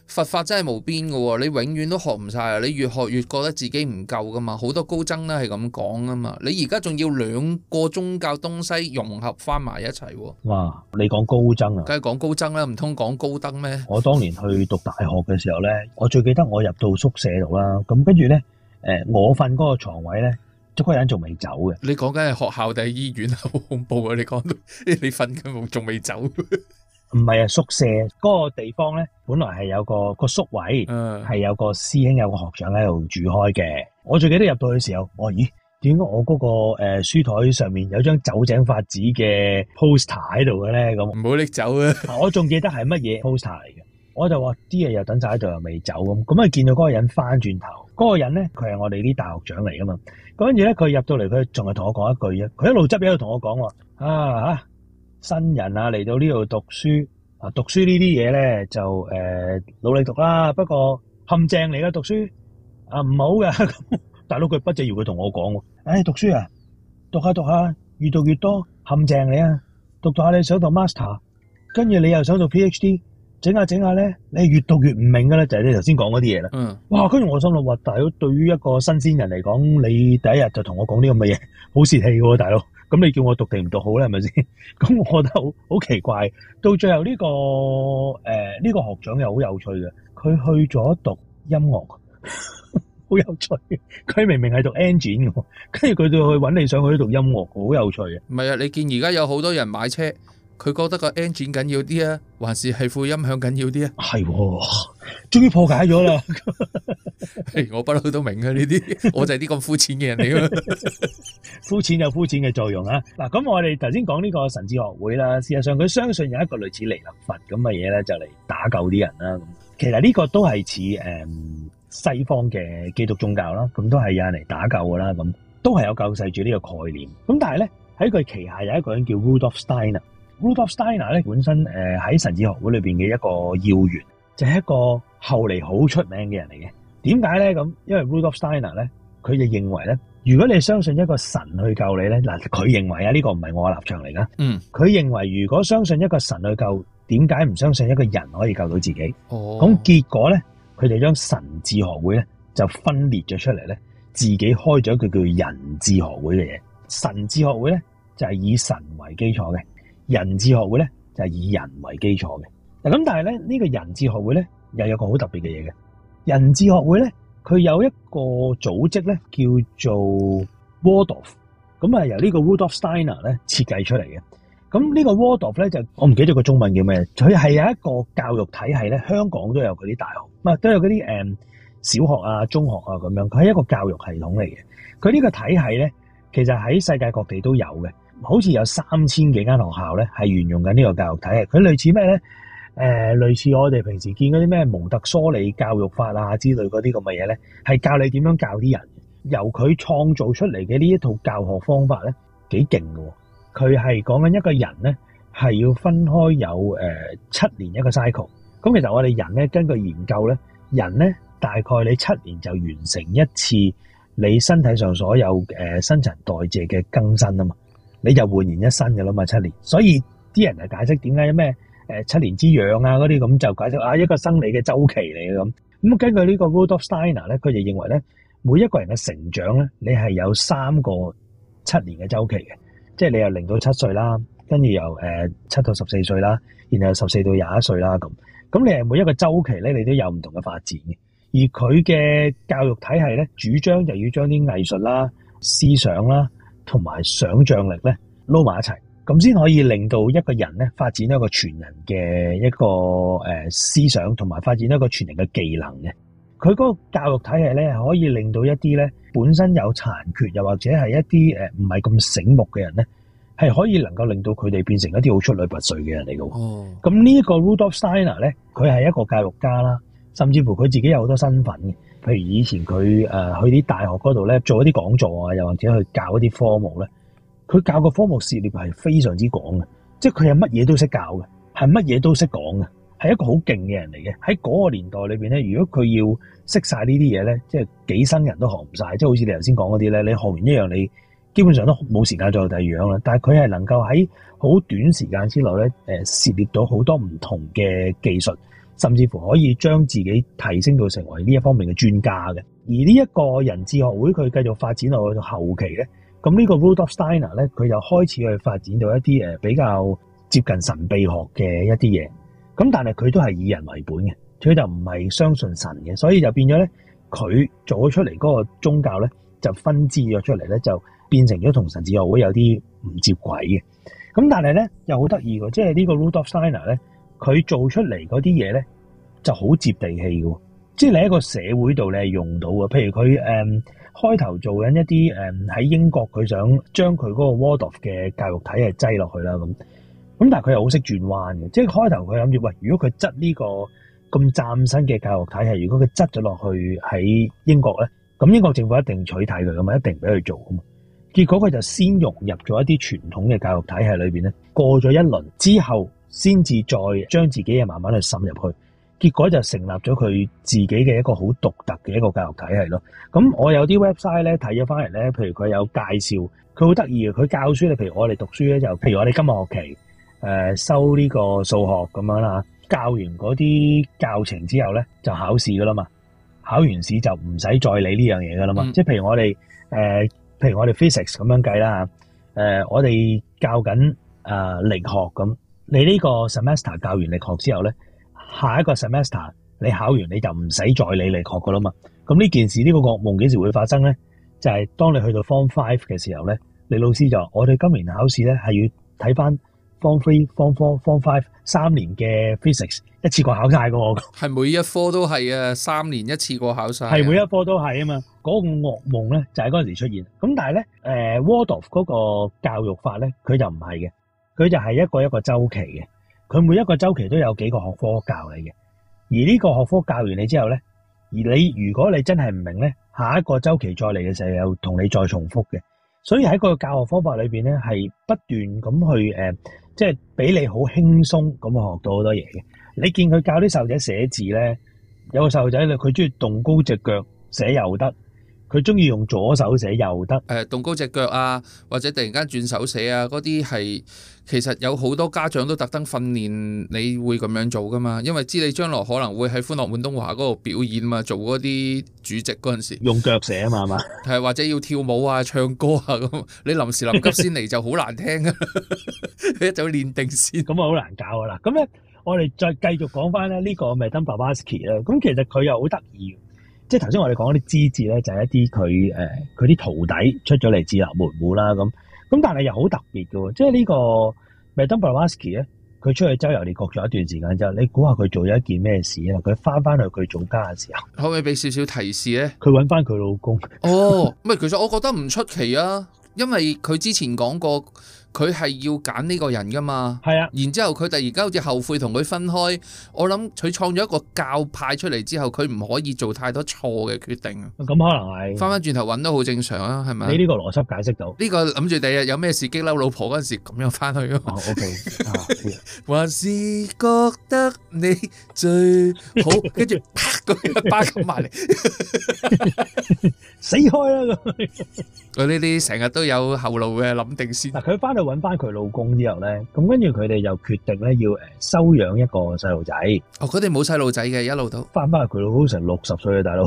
佛法真係無邊噶，你永遠都學唔晒啊！你越學越覺得自己唔夠噶嘛，好多高僧咧係咁講噶嘛。你而家仲要兩個宗教東西融合翻埋一齊？哇！你講高僧啊，梗係講高僧啦，唔通講高登咩？我當年去讀大學嘅時候咧，我最記得我入到宿舍度啦，咁跟住咧，誒、呃，我瞓嗰個床位咧。嗰個人仲未走嘅，你講緊係學校定係醫院？好恐怖啊！你講到你瞓緊仲未走，唔 係啊，宿舍嗰個地方咧，本來係有個個宿位，嗯，係有個師兄有個學長喺度住開嘅。我最記得入到去時候，我咦？點解我嗰個誒書台上面有張酒井法子嘅 poster 喺度嘅咧？咁唔好拎走啊！ 我仲記得係乜嘢 poster 嚟嘅？我就話啲嘢又等晒喺度，又未走咁。咁啊見到嗰個人翻轉頭，嗰個人咧佢係我哋啲大學長嚟噶嘛？然跟住咧，佢入到嚟，佢仲係同我講一句啫。佢一路執嘢，一路同我講：啊吓新人啊，嚟到呢度讀書啊，讀書呢啲嘢咧就誒、呃、努力讀啦。不過陷阱嚟嘅，讀書啊唔好㗎。 大佬佢不正要佢同我講：誒、哎，讀書啊，讀下讀下，越讀越多陷阱你啊，讀讀下你想讀 master，跟住你又想讀 PhD。整下整下咧，你越讀越唔明㗎啦，就係、是、你頭先講嗰啲嘢啦。嗯，哇，跟住我心諗話，大佬對於一個新鮮人嚟講，你第一日就同我講呢咁嘅嘢，好泄氣嘅喎，大佬。咁你叫我讀定唔讀好咧，係咪先？咁 我覺得好好奇怪。到最後呢、呢個誒，呢、呃呢個學長又好有趣嘅，佢去咗讀音樂，好 有趣。佢明明係讀 engine 嘅，跟住佢就去揾你上去讀音樂，好有趣嘅。唔係啊，你見而家有好多人買車。佢覺得個 engine 緊要啲啊，還是係副音響緊要啲啊？係、哦，終於破解咗啦！ 我不嬲都明佢呢啲，我就係啲咁膚淺嘅人嚟。膚 淺有膚淺嘅作用啊。嗱，咁我哋頭先講呢個神智學會啦，事實上佢相信有一個類似彌勒佛咁嘅嘢咧，就嚟打救啲人啦。咁其實呢個都係似誒西方嘅基督宗教啦，咁都係有人嚟打救噶啦。咁都係有救世主呢個概念。咁但係咧，喺佢旗下有一個人叫 Rudolf Steiner。Rudolf Steiner 咧本身誒喺神智學會裏邊嘅一個要員，就係一個後嚟好出名嘅人嚟嘅。點解咧咁？因為 Rudolf Steiner 咧，佢就認為咧，如果你相信一個神去救你咧，嗱，佢認為啊，呢個唔係我嘅立場嚟噶。嗯，佢認為如果相信一個神去救，點解唔相信一個人可以救到自己？哦，咁結果咧，佢就將神智學會咧就分裂咗出嚟咧，自己開咗一個叫人智學會嘅嘢。神智學會咧就係以神為基礎嘅。人智學會咧就係以人為基礎嘅嗱咁，但係咧呢個人智學會咧又有一個好特別嘅嘢嘅人智學會咧，佢有一個組織咧叫做 Waldorf 咁啊由呢個 Waldorf Steiner 咧設計出嚟嘅。咁呢個 Waldorf 咧就我唔記得個中文叫咩，佢係有一個教育體系咧，香港都有嗰啲大學，都有嗰啲誒小學啊、中學啊咁樣，佢係一個教育系統嚟嘅。佢呢個體系咧，其實喺世界各地都有嘅。好似有三千幾間學校咧，係沿用緊呢個教育體系。佢類似咩咧？誒、呃，類似我哋平時見嗰啲咩蒙特梭利教育法啊之類嗰啲咁嘅嘢咧，係教你點樣教啲人。由佢創造出嚟嘅呢一套教學方法咧，幾勁喎。佢係講緊一個人咧，係要分開有七年一個 cycle。咁其實我哋人咧，根據研究咧，人咧大概你七年就完成一次你身體上所有誒新陳代謝嘅更新啊嘛。你就煥然一新嘅咯嘛，七年，所以啲人係解釋點解有咩誒七年之癢啊，嗰啲咁就解釋啊一個生理嘅週期嚟嘅咁。咁根據呢個 Rudolf Steiner 咧，佢就認為咧，每一個人嘅成長咧，你係有三個七年嘅週期嘅，即係你由零到七歲啦，跟住由誒七到十四歲啦，然後十四到廿一歲啦咁。咁你係每一個週期咧，你都有唔同嘅發展嘅。而佢嘅教育體系咧，主張就要將啲藝術啦、思想啦、同埋想像力咧，撈埋一齊，咁先可以令到一個人咧發展一個全人嘅一個誒思想，同埋發展一個全人嘅技能嘅。佢嗰個教育體系咧，可以令到一啲咧本身有殘缺，又或者係一啲誒唔係咁醒目嘅人咧，係可以能夠令到佢哋變成一啲好出類拔萃嘅人嚟嘅。哦、嗯，咁呢個 Rudolf Steiner 咧，佢係一個教育家啦，甚至乎佢自己有好多身份嘅。譬如以前佢誒去啲大學嗰度咧，做一啲講座啊，又或者去教一啲科目咧，佢教個科目涉獵係非常之廣嘅，即係佢係乜嘢都識教嘅，係乜嘢都識講嘅，係一個好勁嘅人嚟嘅。喺嗰個年代裏邊咧，如果佢要識晒呢啲嘢咧，即係幾生人都學唔晒，即係好似你頭先講嗰啲咧，你學完一樣，你基本上都冇時間再第二樣啦。但係佢係能夠喺好短時間之內咧，誒涉獵到好多唔同嘅技術。甚至乎可以將自己提升到成為呢一方面嘅專家嘅。而呢一個人智學會佢繼續發展到去到後期咧，咁呢個 Rudolf Steiner 咧，佢就開始去發展到一啲誒比較接近神秘學嘅一啲嘢。咁但係佢都係以人為本嘅，佢就唔係相信神嘅，所以就變咗咧，佢做咗出嚟嗰個宗教咧，就分支咗出嚟咧，就變成咗同神智學會有啲唔接軌嘅。咁但係咧又好得意喎，即係呢個 Rudolf Steiner 咧。佢做出嚟嗰啲嘢呢，就好接地氣嘅，即係你喺個社會度你係用到嘅。譬如佢誒、嗯、開頭做緊一啲誒喺英國佢想將佢嗰個 Waldorf 嘅教育體系擠落去啦咁，咁但係佢又好識轉彎嘅，即係開頭佢諗住喂，如果佢執呢個咁嶄新嘅教育體系，如果佢執咗落去喺英國呢，咁英國政府一定取締佢噶嘛，一定唔俾佢做噶嘛。結果佢就先融入咗一啲傳統嘅教育體系裏邊呢過咗一輪之後。先至再將自己嘅慢慢去滲入去，結果就成立咗佢自己嘅一個好獨特嘅一個教育體系咯。咁我有啲 website 咧，睇咗翻嚟咧，譬如佢有介紹，佢好得意嘅，佢教書咧，譬如我哋讀書咧，就譬如我哋今個學期誒、呃、收呢個數學咁樣啦，教完嗰啲教程之後咧就考試噶啦嘛，考完試就唔使再理呢樣嘢噶啦嘛，即係、嗯、譬如我哋誒、呃，譬如我哋 physics 咁樣計啦嚇，誒我哋教緊啊力學咁，你呢個 semester 教完力學之後咧，下一個 semester 你考完你就唔使再理力學噶啦嘛。咁呢件事呢、呢個噩夢幾時會發生咧？就係、是、當你去到 form five 嘅時候咧，你老師就話：我哋今年考試咧係要睇翻 form three、form four、form five 三年嘅 physics 一次過考曬個。係每一科都係啊，三年一次過考晒，係每一科都係啊嘛。嗰、那個噩夢咧就係嗰陣時出現。咁但係咧、呃、Waldorf 嗰個教育法咧，佢就唔係嘅。佢就係一個一個周期嘅，佢每一個周期都有幾個學科教你嘅。而呢個學科教完你之後呢，而你如果你真係唔明呢，下一個周期再嚟嘅時候又同你再重複嘅，所以喺個教學方法裏邊呢，係不斷咁去誒、呃，即係俾你好輕鬆咁學到好多嘢嘅。你見佢教啲細路仔寫字呢，有個細路仔呢，佢中意動高隻腳寫又得。佢中意用左手寫又得，誒、呃、動高隻腳啊，或者突然間轉手寫啊，嗰啲係其實有好多家長都特登訓練你會咁樣做噶嘛，因為知你將來可能會喺歡樂滿東華嗰度表演嘛，做嗰啲主席嗰陣時，用腳寫啊嘛，係嘛？係或者要跳舞啊、唱歌啊咁， 你臨時臨急先嚟就好難聽啊， 你一就要練定先，咁啊好難搞啊啦。咁咧，我哋再繼續講翻咧呢個 Madam Babaski 啦。咁其實佢又好得意即係頭先我哋講嗰啲資治咧，就係一啲佢誒佢啲徒弟出咗嚟自立門戶啦咁，咁但係又好特別嘅，即係呢個 Madame Blavatsky 咧，佢出去周遊列國咗一段時間之後，你估下佢做咗一件咩事啊？佢翻翻去佢祖家嘅時候，可唔可以俾少少提示咧？佢搵翻佢老公哦，唔係，其實我覺得唔出奇啊，因為佢之前講過。佢係要揀呢個人噶嘛？係啊。然之後佢突然間好似後悔同佢分開，我諗佢創咗一個教派出嚟之後，佢唔可以做太多錯嘅決定。咁可能係翻翻轉頭揾都好正常啊，係咪？你呢個邏輯解釋到？呢個諗住第日有咩事激嬲老婆嗰陣時，咁樣翻去嘛。哦，OK、啊。還 是覺得你最好，跟住啪佢，一巴咁埋嚟， 死開啦！佢呢啲成日都有後路嘅諗定先。嗱，佢翻到。搵翻佢老公之後咧，咁跟住佢哋又決定咧要誒收養一個細路仔。哦，佢哋冇細路仔嘅，一路都翻翻去佢老公成六十歲嘅大佬，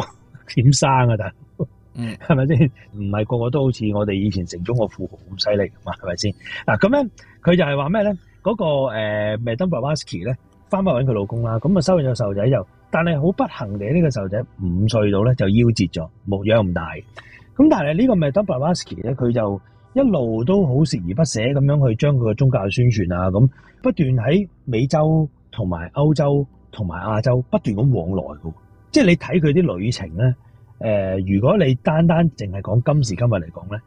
點生啊，大佬？嗯，係咪先？唔係個個都好似我哋以前城中嘅富豪咁犀利嘛？係咪先？嗱，咁樣佢就係話咩咧？嗰、嗰個誒 Madam Blavatsky 咧，翻翻搵佢老公啦，咁啊收養個細路仔又，但係好不幸地呢個細路仔五歲到咧就夭折咗，冇養咁大。咁但係呢個 Madam Blavatsky 咧，佢就。一路都好鍥而不捨咁樣去將佢嘅宗教嘅宣傳啊，咁不斷喺美洲同埋歐洲同埋亞洲不斷咁往來嘅，即係你睇佢啲旅程咧。誒，如果你單單淨係講今時今日嚟講咧。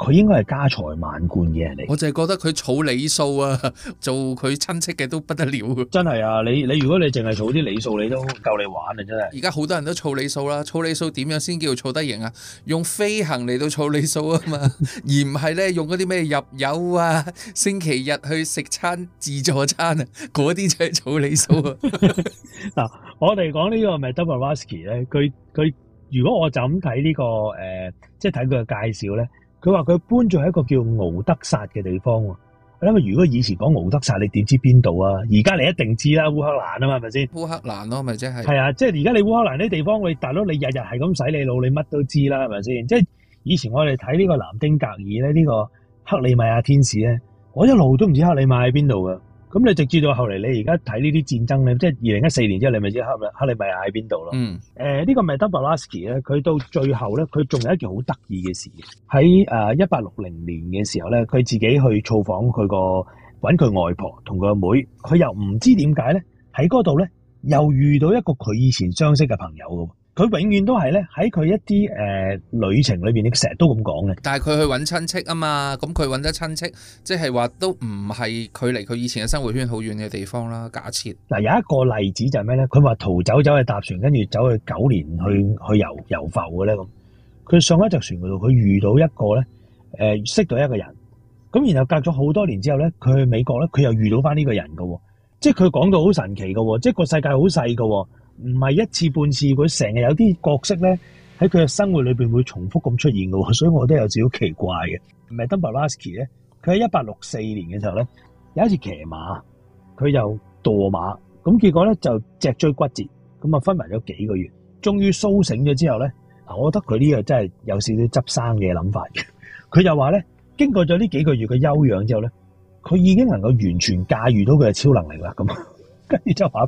佢應該係家財萬貫嘅人嚟，我就係覺得佢儲里數啊，做佢親戚嘅都不得了。真係啊！你你如果你淨係儲啲里數，你都夠你玩啊！真係。而家好多人都儲里數啦，儲里數點樣先叫儲得型啊？用飛行嚟到儲里數啊嘛， 而唔係咧用嗰啲咩入油啊，星期日去食餐自助餐啊，嗰啲就係儲里數啊。嗱， 我哋講呢個唔係 Blavatsky 咧，佢佢如果我就咁睇呢個、呃、即係睇佢嘅介紹咧。佢話佢搬咗喺一個叫奧德薩嘅地方喎，我諗如果以前講奧德薩，你點知邊度啊？而家你一定知啦，烏克蘭啊嘛，係咪先？烏克蘭咯，咪即係？係啊，即係而家你烏克蘭呢啲地方，你大佬你日日係咁洗你腦，你乜都知啦，係咪先？即係以前我哋睇呢個南丁格爾咧，呢個克里米亞天使咧，我一路都唔知克里米亞喺邊度噶。咁你直至到後嚟，你而家睇呢啲戰爭咧，即係二零一四年之後，你咪知克克里米亞喺邊度咯？嗯，呢、呃呢個咪 Blavatsky 咧，佢到最後咧，佢仲有一件好得意嘅事，喺誒一八六零年嘅時候咧，佢自己去造訪佢個揾佢外婆同佢阿妹，佢又唔知點解咧，喺嗰度咧又遇到一個佢以前相識嘅朋友嘅。佢永遠都係咧喺佢一啲誒、呃、旅程裏邊，你成日都咁講嘅。但係佢去揾親戚啊嘛，咁佢揾得親戚，即係話都唔係距離佢以前嘅生活圈好遠嘅地方啦。假設嗱、啊、有一個例子就係咩咧？佢話逃走走去搭船，跟住走去九年去去遊遊浮嘅咧咁。佢上咗隻船嗰度，佢遇到一個咧誒、呃、識到一個人，咁然後隔咗好多年之後咧，佢去美國咧，佢又遇到翻呢個人嘅喎，即係佢講到好神奇嘅喎，即係個世界好細嘅喎。唔係一次半次，佢成日有啲角色咧喺佢嘅生活裏邊會重複咁出現喎。所以我都有少少奇怪嘅。Madam Blavatsky 咧，佢喺一八六四年嘅時候咧，有一次騎馬，佢又墮馬，咁結果咧就脊椎骨折，咁啊昏迷咗幾個月，終於甦醒咗之後咧，嗱，我覺得佢呢個真係有少少執生嘅諗法嘅。佢就話咧，經過咗呢幾個月嘅休養之後咧，佢已經能夠完全駕馭到佢嘅超能力啦，咁。跟住就話，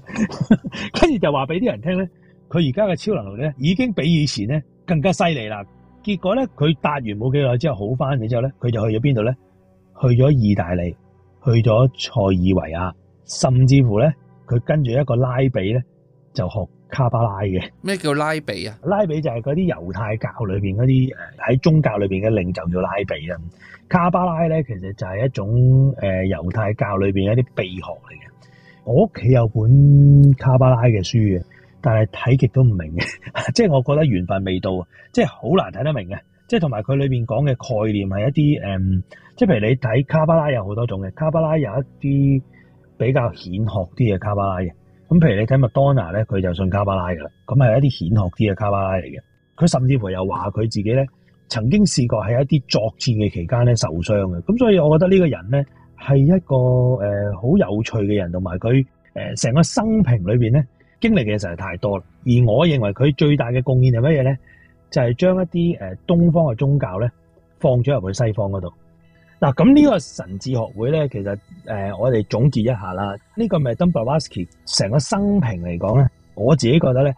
跟 住就話俾啲人聽咧，佢而家嘅超能力咧已經比以前咧更加犀利啦。結果咧，佢答完冇幾耐之後好翻，然之後咧，佢就去咗邊度咧？去咗意大利，去咗塞爾維亞，甚至乎咧，佢跟住一個拉比咧就學卡巴拉嘅。咩叫拉比啊？拉比就係嗰啲猶太教裏面嗰啲喺宗教裏面嘅領袖叫拉比啊。卡巴拉咧其實就係一種誒猶太教裏面嘅一啲秘學嚟嘅。我屋企有本卡巴拉嘅書嘅，但係睇極都唔明嘅，即係我覺得緣分未到，即係好難睇得明嘅。即係同埋佢裏面講嘅概念係一啲誒、嗯，即係譬如你睇卡巴拉有好多種嘅，卡巴拉有一啲比較顯學啲嘅卡巴拉嘅。咁譬如你睇麥當娜咧，佢就信卡巴拉噶啦，咁係一啲顯學啲嘅卡巴拉嚟嘅。佢甚至乎又話佢自己咧曾經試過喺一啲作戰嘅期間咧受傷嘅，咁所以我覺得呢個人咧。係一個誒好有趣嘅人，同埋佢誒成個生平裏邊咧經歷嘅嘢，實在太多啦。而我認為佢最大嘅貢獻係乜嘢咧？就係、是、將一啲誒東方嘅宗教咧放咗入去西方嗰度。嗱，咁呢個神智學會咧，其實誒我哋總結一下啦，呢、這個咪 Blavatsky 成個生平嚟講咧，我自己覺得咧，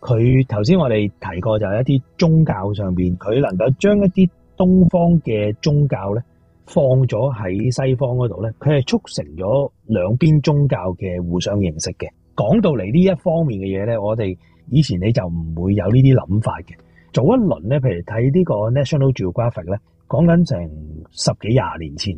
佢頭先我哋提過就係一啲宗教上邊，佢能夠將一啲東方嘅宗教咧，放咗喺西方嗰度咧，佢係促成咗兩邊宗教嘅互相認識嘅。講到嚟呢一方面嘅嘢咧，我哋以前你就唔會有呢啲諗法嘅。早一輪咧，譬如睇呢個 National Geographic 咧，講緊成十幾廿年前。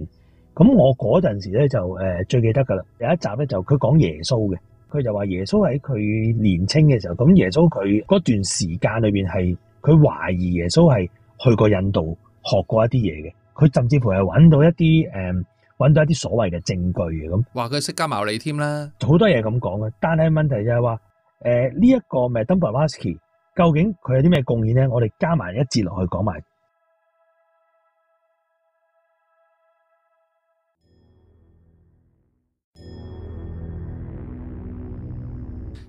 咁我嗰陣時咧就誒、呃、最記得噶啦，有一集咧就佢講耶穌嘅，佢就話耶穌喺佢年青嘅時候，咁耶穌佢嗰段時間裏邊係佢懷疑耶穌係去過印度學過一啲嘢嘅。佢甚至乎係揾到一啲誒，揾、嗯、到一啲所謂嘅證據嘅咁。話佢識釋迦牟尼添啦，好多嘢咁講嘅。但係問題就係話，誒呢一個咩 Madam Blavatsky 究竟佢有啲咩貢獻咧？我哋加埋一節落去講埋。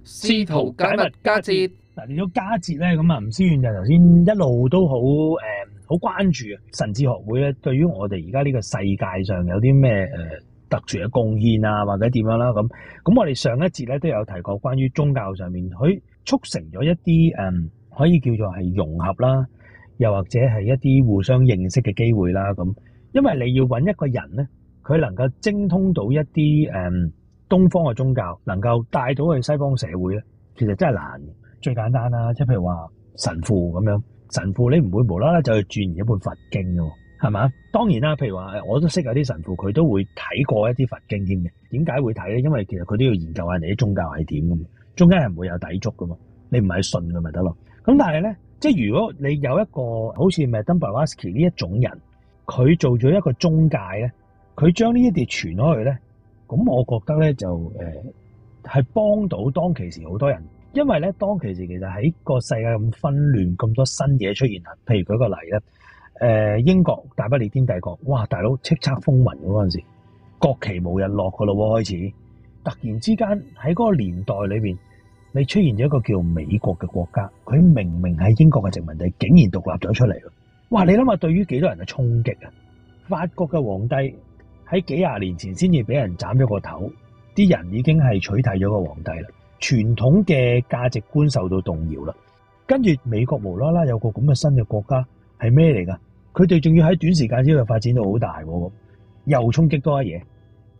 試圖解密加節嗱，嚟咗加節咧，咁啊，吳思遠就頭、是、先一路都好誒。嗯好關注啊！神智學會咧，對於我哋而家呢個世界上有啲咩誒特殊嘅貢獻啊，或者點樣啦？咁咁，我哋上一節咧都有提過，關於宗教上面佢促成咗一啲誒，可以叫做係融合啦，又或者係一啲互相認識嘅機會啦。咁，因為你要搵一個人咧，佢能夠精通到一啲誒東方嘅宗教，能夠帶到去西方社會咧，其實真係難的。最簡單啦，即係譬如話神父咁樣。神父你唔會無啦啦就去轉移一本佛經嘅，係咪？當然啦，譬如話，我都識有啲神父佢都會睇過一啲佛經添嘅。點解會睇咧？因為其實佢都要研究下你啲宗教係點㗎嘛，中間係唔會有抵觸㗎嘛。你唔係信佢咪得咯？咁但係咧，即係如果你有一個好似 Madam Blavatsky 呢一種人，佢做咗一個中介咧，佢將呢一啲傳落去咧，咁我覺得咧就誒係幫到當其時好多人。因為咧，當其時其實喺個世界咁紛亂，咁多新嘢出現。譬如舉個例咧，誒、呃，英國大不列顛帝國，哇，大佬叱咤風雲嗰陣時，國旗無日落噶咯，開始突然之間喺嗰個年代裏邊，你出現咗一個叫美國嘅國家，佢明明係英國嘅殖民地，竟然獨立咗出嚟咯。哇，你諗下，對於幾多人嘅衝擊啊！法國嘅皇帝喺幾廿年前先至俾人斬咗個頭，啲人已經係取締咗個皇帝啦。傳統嘅價值觀受到動搖啦，跟住美國無啦啦有個咁嘅新嘅國家係咩嚟噶？佢哋仲要喺短時間之內發展到好大喎，又衝擊多一嘢。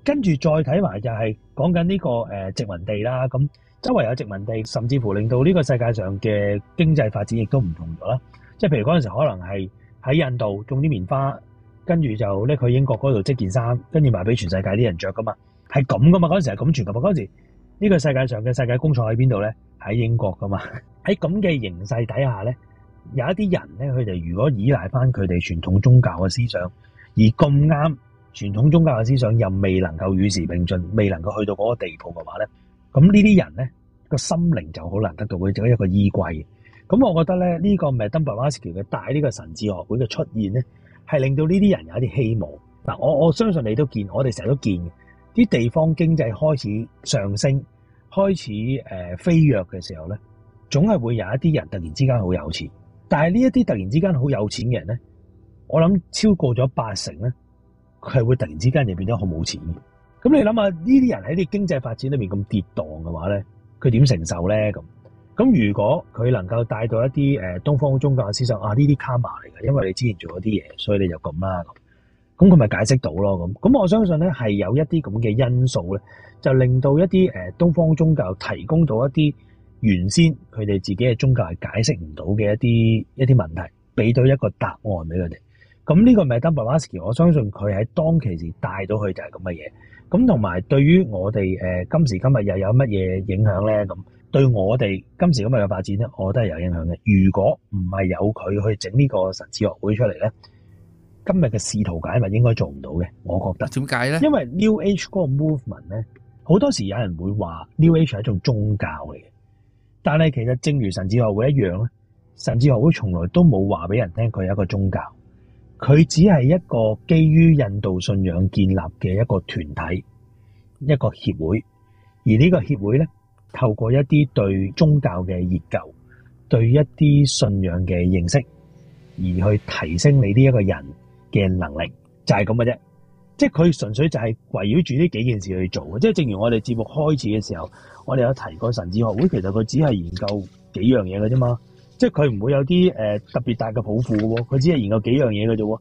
跟住再睇埋就係講緊呢個誒殖民地啦，咁周圍有殖民地，甚至乎令到呢個世界上嘅經濟發展亦都唔同咗啦。即係譬如嗰陣時可能係喺印度種啲棉花，跟住就拎去英國嗰度織件衫，跟住賣俾全世界啲人着噶嘛，係咁噶嘛。嗰陣時係咁全球嘅嗰陣呢個世界上嘅世界工廠喺邊度咧？喺英國噶嘛？喺咁嘅形勢底下咧，有一啲人咧，佢哋如果依賴翻佢哋傳統宗教嘅思想，而咁啱傳統宗教嘅思想又未能夠與時並進，未能夠去到嗰個地步嘅話咧，咁呢啲人咧，個心靈就好難得到佢做一個依歸嘅。咁我覺得咧，呢、這個咪係 Dumber a s q u e 嘅帶呢個神智學會嘅出現咧，係令到呢啲人有一啲希望。嗱、啊，我我相信你都見，我哋成日都見嘅。啲地方經濟開始上升，開始誒、呃、飛躍嘅時候咧，總係會有一啲人突然之間好有錢，但係呢一啲突然之間好有錢嘅人咧，我諗超過咗八成咧，佢係會突然之間就變得好冇錢。咁你諗下，呢啲人喺啲經濟發展裏面咁跌宕嘅話咧，佢點承受咧？咁咁如果佢能夠帶到一啲誒東方宗教思想啊，呢啲卡嘛嚟嘅，因為你之前做咗啲嘢，所以你就咁啦。咁佢咪解釋到咯，咁，咁我相信咧係有一啲咁嘅因素咧，就令到一啲誒東方宗教提供到一啲原先佢哋自己嘅宗教係解釋唔到嘅一啲一啲問題，俾到一個答案俾佢哋。咁呢個咪係 d u b l o s k 我相信佢喺當其時帶到佢就係咁嘅嘢。咁同埋對於我哋今時今日又有乜嘢影響咧？咁對我哋今時今日嘅發展咧，我都係有影響嘅。如果唔係有佢去整呢個神智學會出嚟咧。今日嘅試圖解密應該做唔到嘅，我覺得。點解咧？因為 New Age 嗰個 movement 咧，好多時有人會話 New Age 係一種宗教嚟嘅，但係其實正如神智學會一樣咧，神智學會從來都冇話俾人聽佢係一個宗教，佢只係一個基於印度信仰建立嘅一個團體一個協會，而個會呢個協會咧，透過一啲對宗教嘅研究，對一啲信仰嘅認識而去提升你呢一個人嘅能力就係咁嘅啫，即係佢純粹就係圍繞住呢幾件事去做嘅。即係正如我哋節目開始嘅時候，我哋有提過神智學會，其實佢只係研究幾樣嘢嘅啫嘛。即係佢唔會有啲誒特別大嘅抱負嘅，佢只係研究幾樣嘢嘅啫。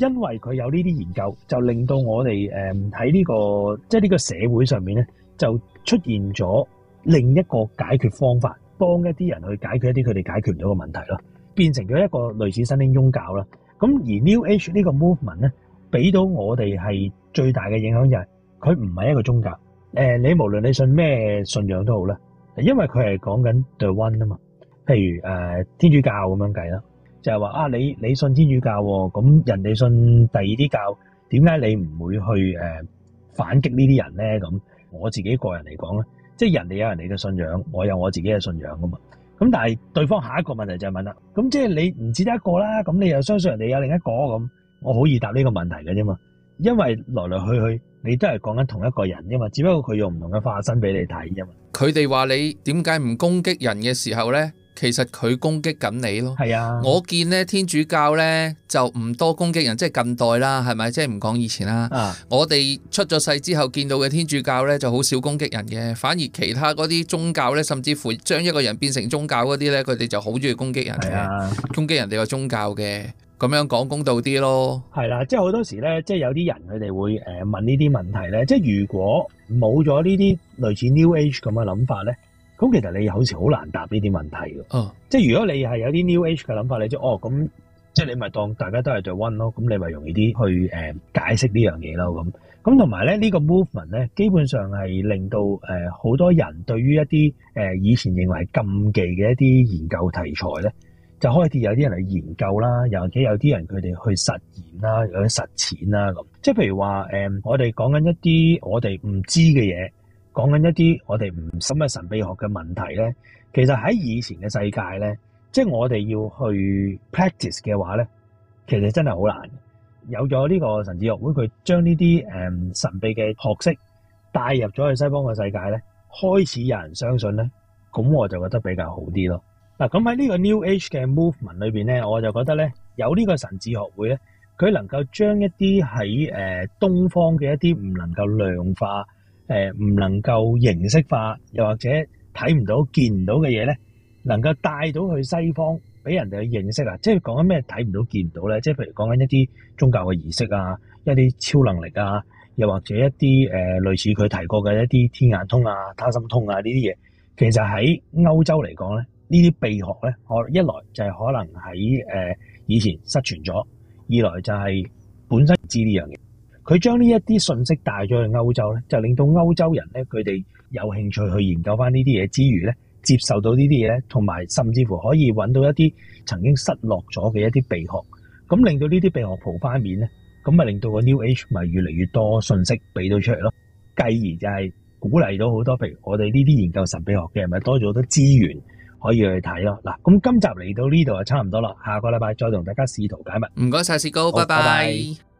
因為佢有呢啲研究，就令到我哋誒唔喺呢個即係呢個社會上面咧，就出現咗另一個解決方法，幫一啲人去解決一啲佢哋解決唔到嘅問題咯，變成咗一個類似新興宗教啦。咁而 New Age 呢個 movement 咧，俾到我哋係最大嘅影響就係，佢唔係一個宗教。誒，你無論你信咩信仰都好咧，因為佢係講緊 the one 啊嘛。譬如誒天主教咁樣計啦，就係話啊，你你信天主教，咁人哋信第二啲教，點解你唔會去誒反擊呢啲人咧？咁我自己個人嚟講咧，即係人哋有人哋嘅信仰，我有我自己嘅信仰㗎嘛。咁但係對方下一個問題就係問啦，咁即係你唔止得一個啦，咁你又相信人哋有另一個。咁我好易答呢個問題嘅啫嘛，因為來來去去你都係講緊同一個人啫嘛，只不過佢用唔同嘅化身畀你睇啫嘛。佢哋話你點解唔攻擊人嘅時候咧？其實佢攻擊緊你咯，係啊！我見咧天主教咧就唔多攻擊人，即係近代啦，係咪？即係唔講以前啦。啊！我哋出咗世之後見到嘅天主教咧就好少攻擊人嘅，反而其他嗰啲宗教咧，甚至乎將一個人變成宗教嗰啲咧，佢哋就好中意攻擊人嘅。啊、攻擊人哋個宗教嘅，咁樣講公道啲咯。係啦、啊，即係好多時咧，即係有啲人佢哋會誒問呢啲問題咧，即係如果冇咗呢啲類似 New Age 咁嘅諗法咧？咁其實你好似好難答呢啲問題㗎，嗯，即係如果你係有啲 New Age 嘅諗法，你就哦咁，即係你咪當大家都係對 one 咯，咁你咪容易啲去誒解釋呢樣嘢咯，咁，咁同埋咧呢個 movement 咧，基本上係令到誒好多人對於一啲誒以前認為禁忌嘅一啲研究題材咧，就開始有啲人嚟研究啦，又或者有啲人佢哋去實驗啦，有啲實踐啦，咁，即係譬如話誒，我哋講緊一啲我哋唔知嘅嘢。講緊一啲我哋唔審嘅神秘學嘅問題咧，其實喺以前嘅世界咧，即係我哋要去 practice 嘅話咧，其實真係好難。有咗呢個神智學會，佢將呢啲誒神秘嘅學識帶入咗去西方嘅世界咧，開始有人相信咧，咁我就覺得比較好啲咯。嗱，咁喺呢個 New Age 嘅 movement 裏邊咧，我就覺得咧，有呢個神智學會咧，佢能夠將一啲喺誒東方嘅一啲唔能夠量化。誒唔、呃、能夠形式化，又或者睇唔到、見唔到嘅嘢呢，能夠帶到去西方俾人哋去認識啊！即係講緊咩睇唔到、見唔到呢？即係譬如講緊一啲宗教嘅儀式啊，一啲超能力啊，又或者一啲誒、呃、類似佢提過嘅一啲天眼通啊、他心通啊呢啲嘢，其實喺歐洲嚟講呢呢啲秘學呢，一來就係可能喺誒、呃、以前失傳咗，二來就係本身唔知呢樣嘢。佢將呢一啲信息帶咗去歐洲咧，就令到歐洲人咧佢哋有興趣去研究翻呢啲嘢之餘咧，接受到呢啲嘢咧，同埋甚至乎可以揾到一啲曾經失落咗嘅一啲秘學，咁令到呢啲秘學蒲翻面咧，咁咪令到個 New Age 咪越嚟越多信息俾到出嚟咯。繼而就係鼓勵到好多，譬如我哋呢啲研究神秘學嘅，咪多咗好多資源可以去睇咯。嗱，咁今集嚟到呢度啊，差唔多啦。下個禮拜再同大家試圖解密。唔該晒，薛高，好拜拜。拜拜。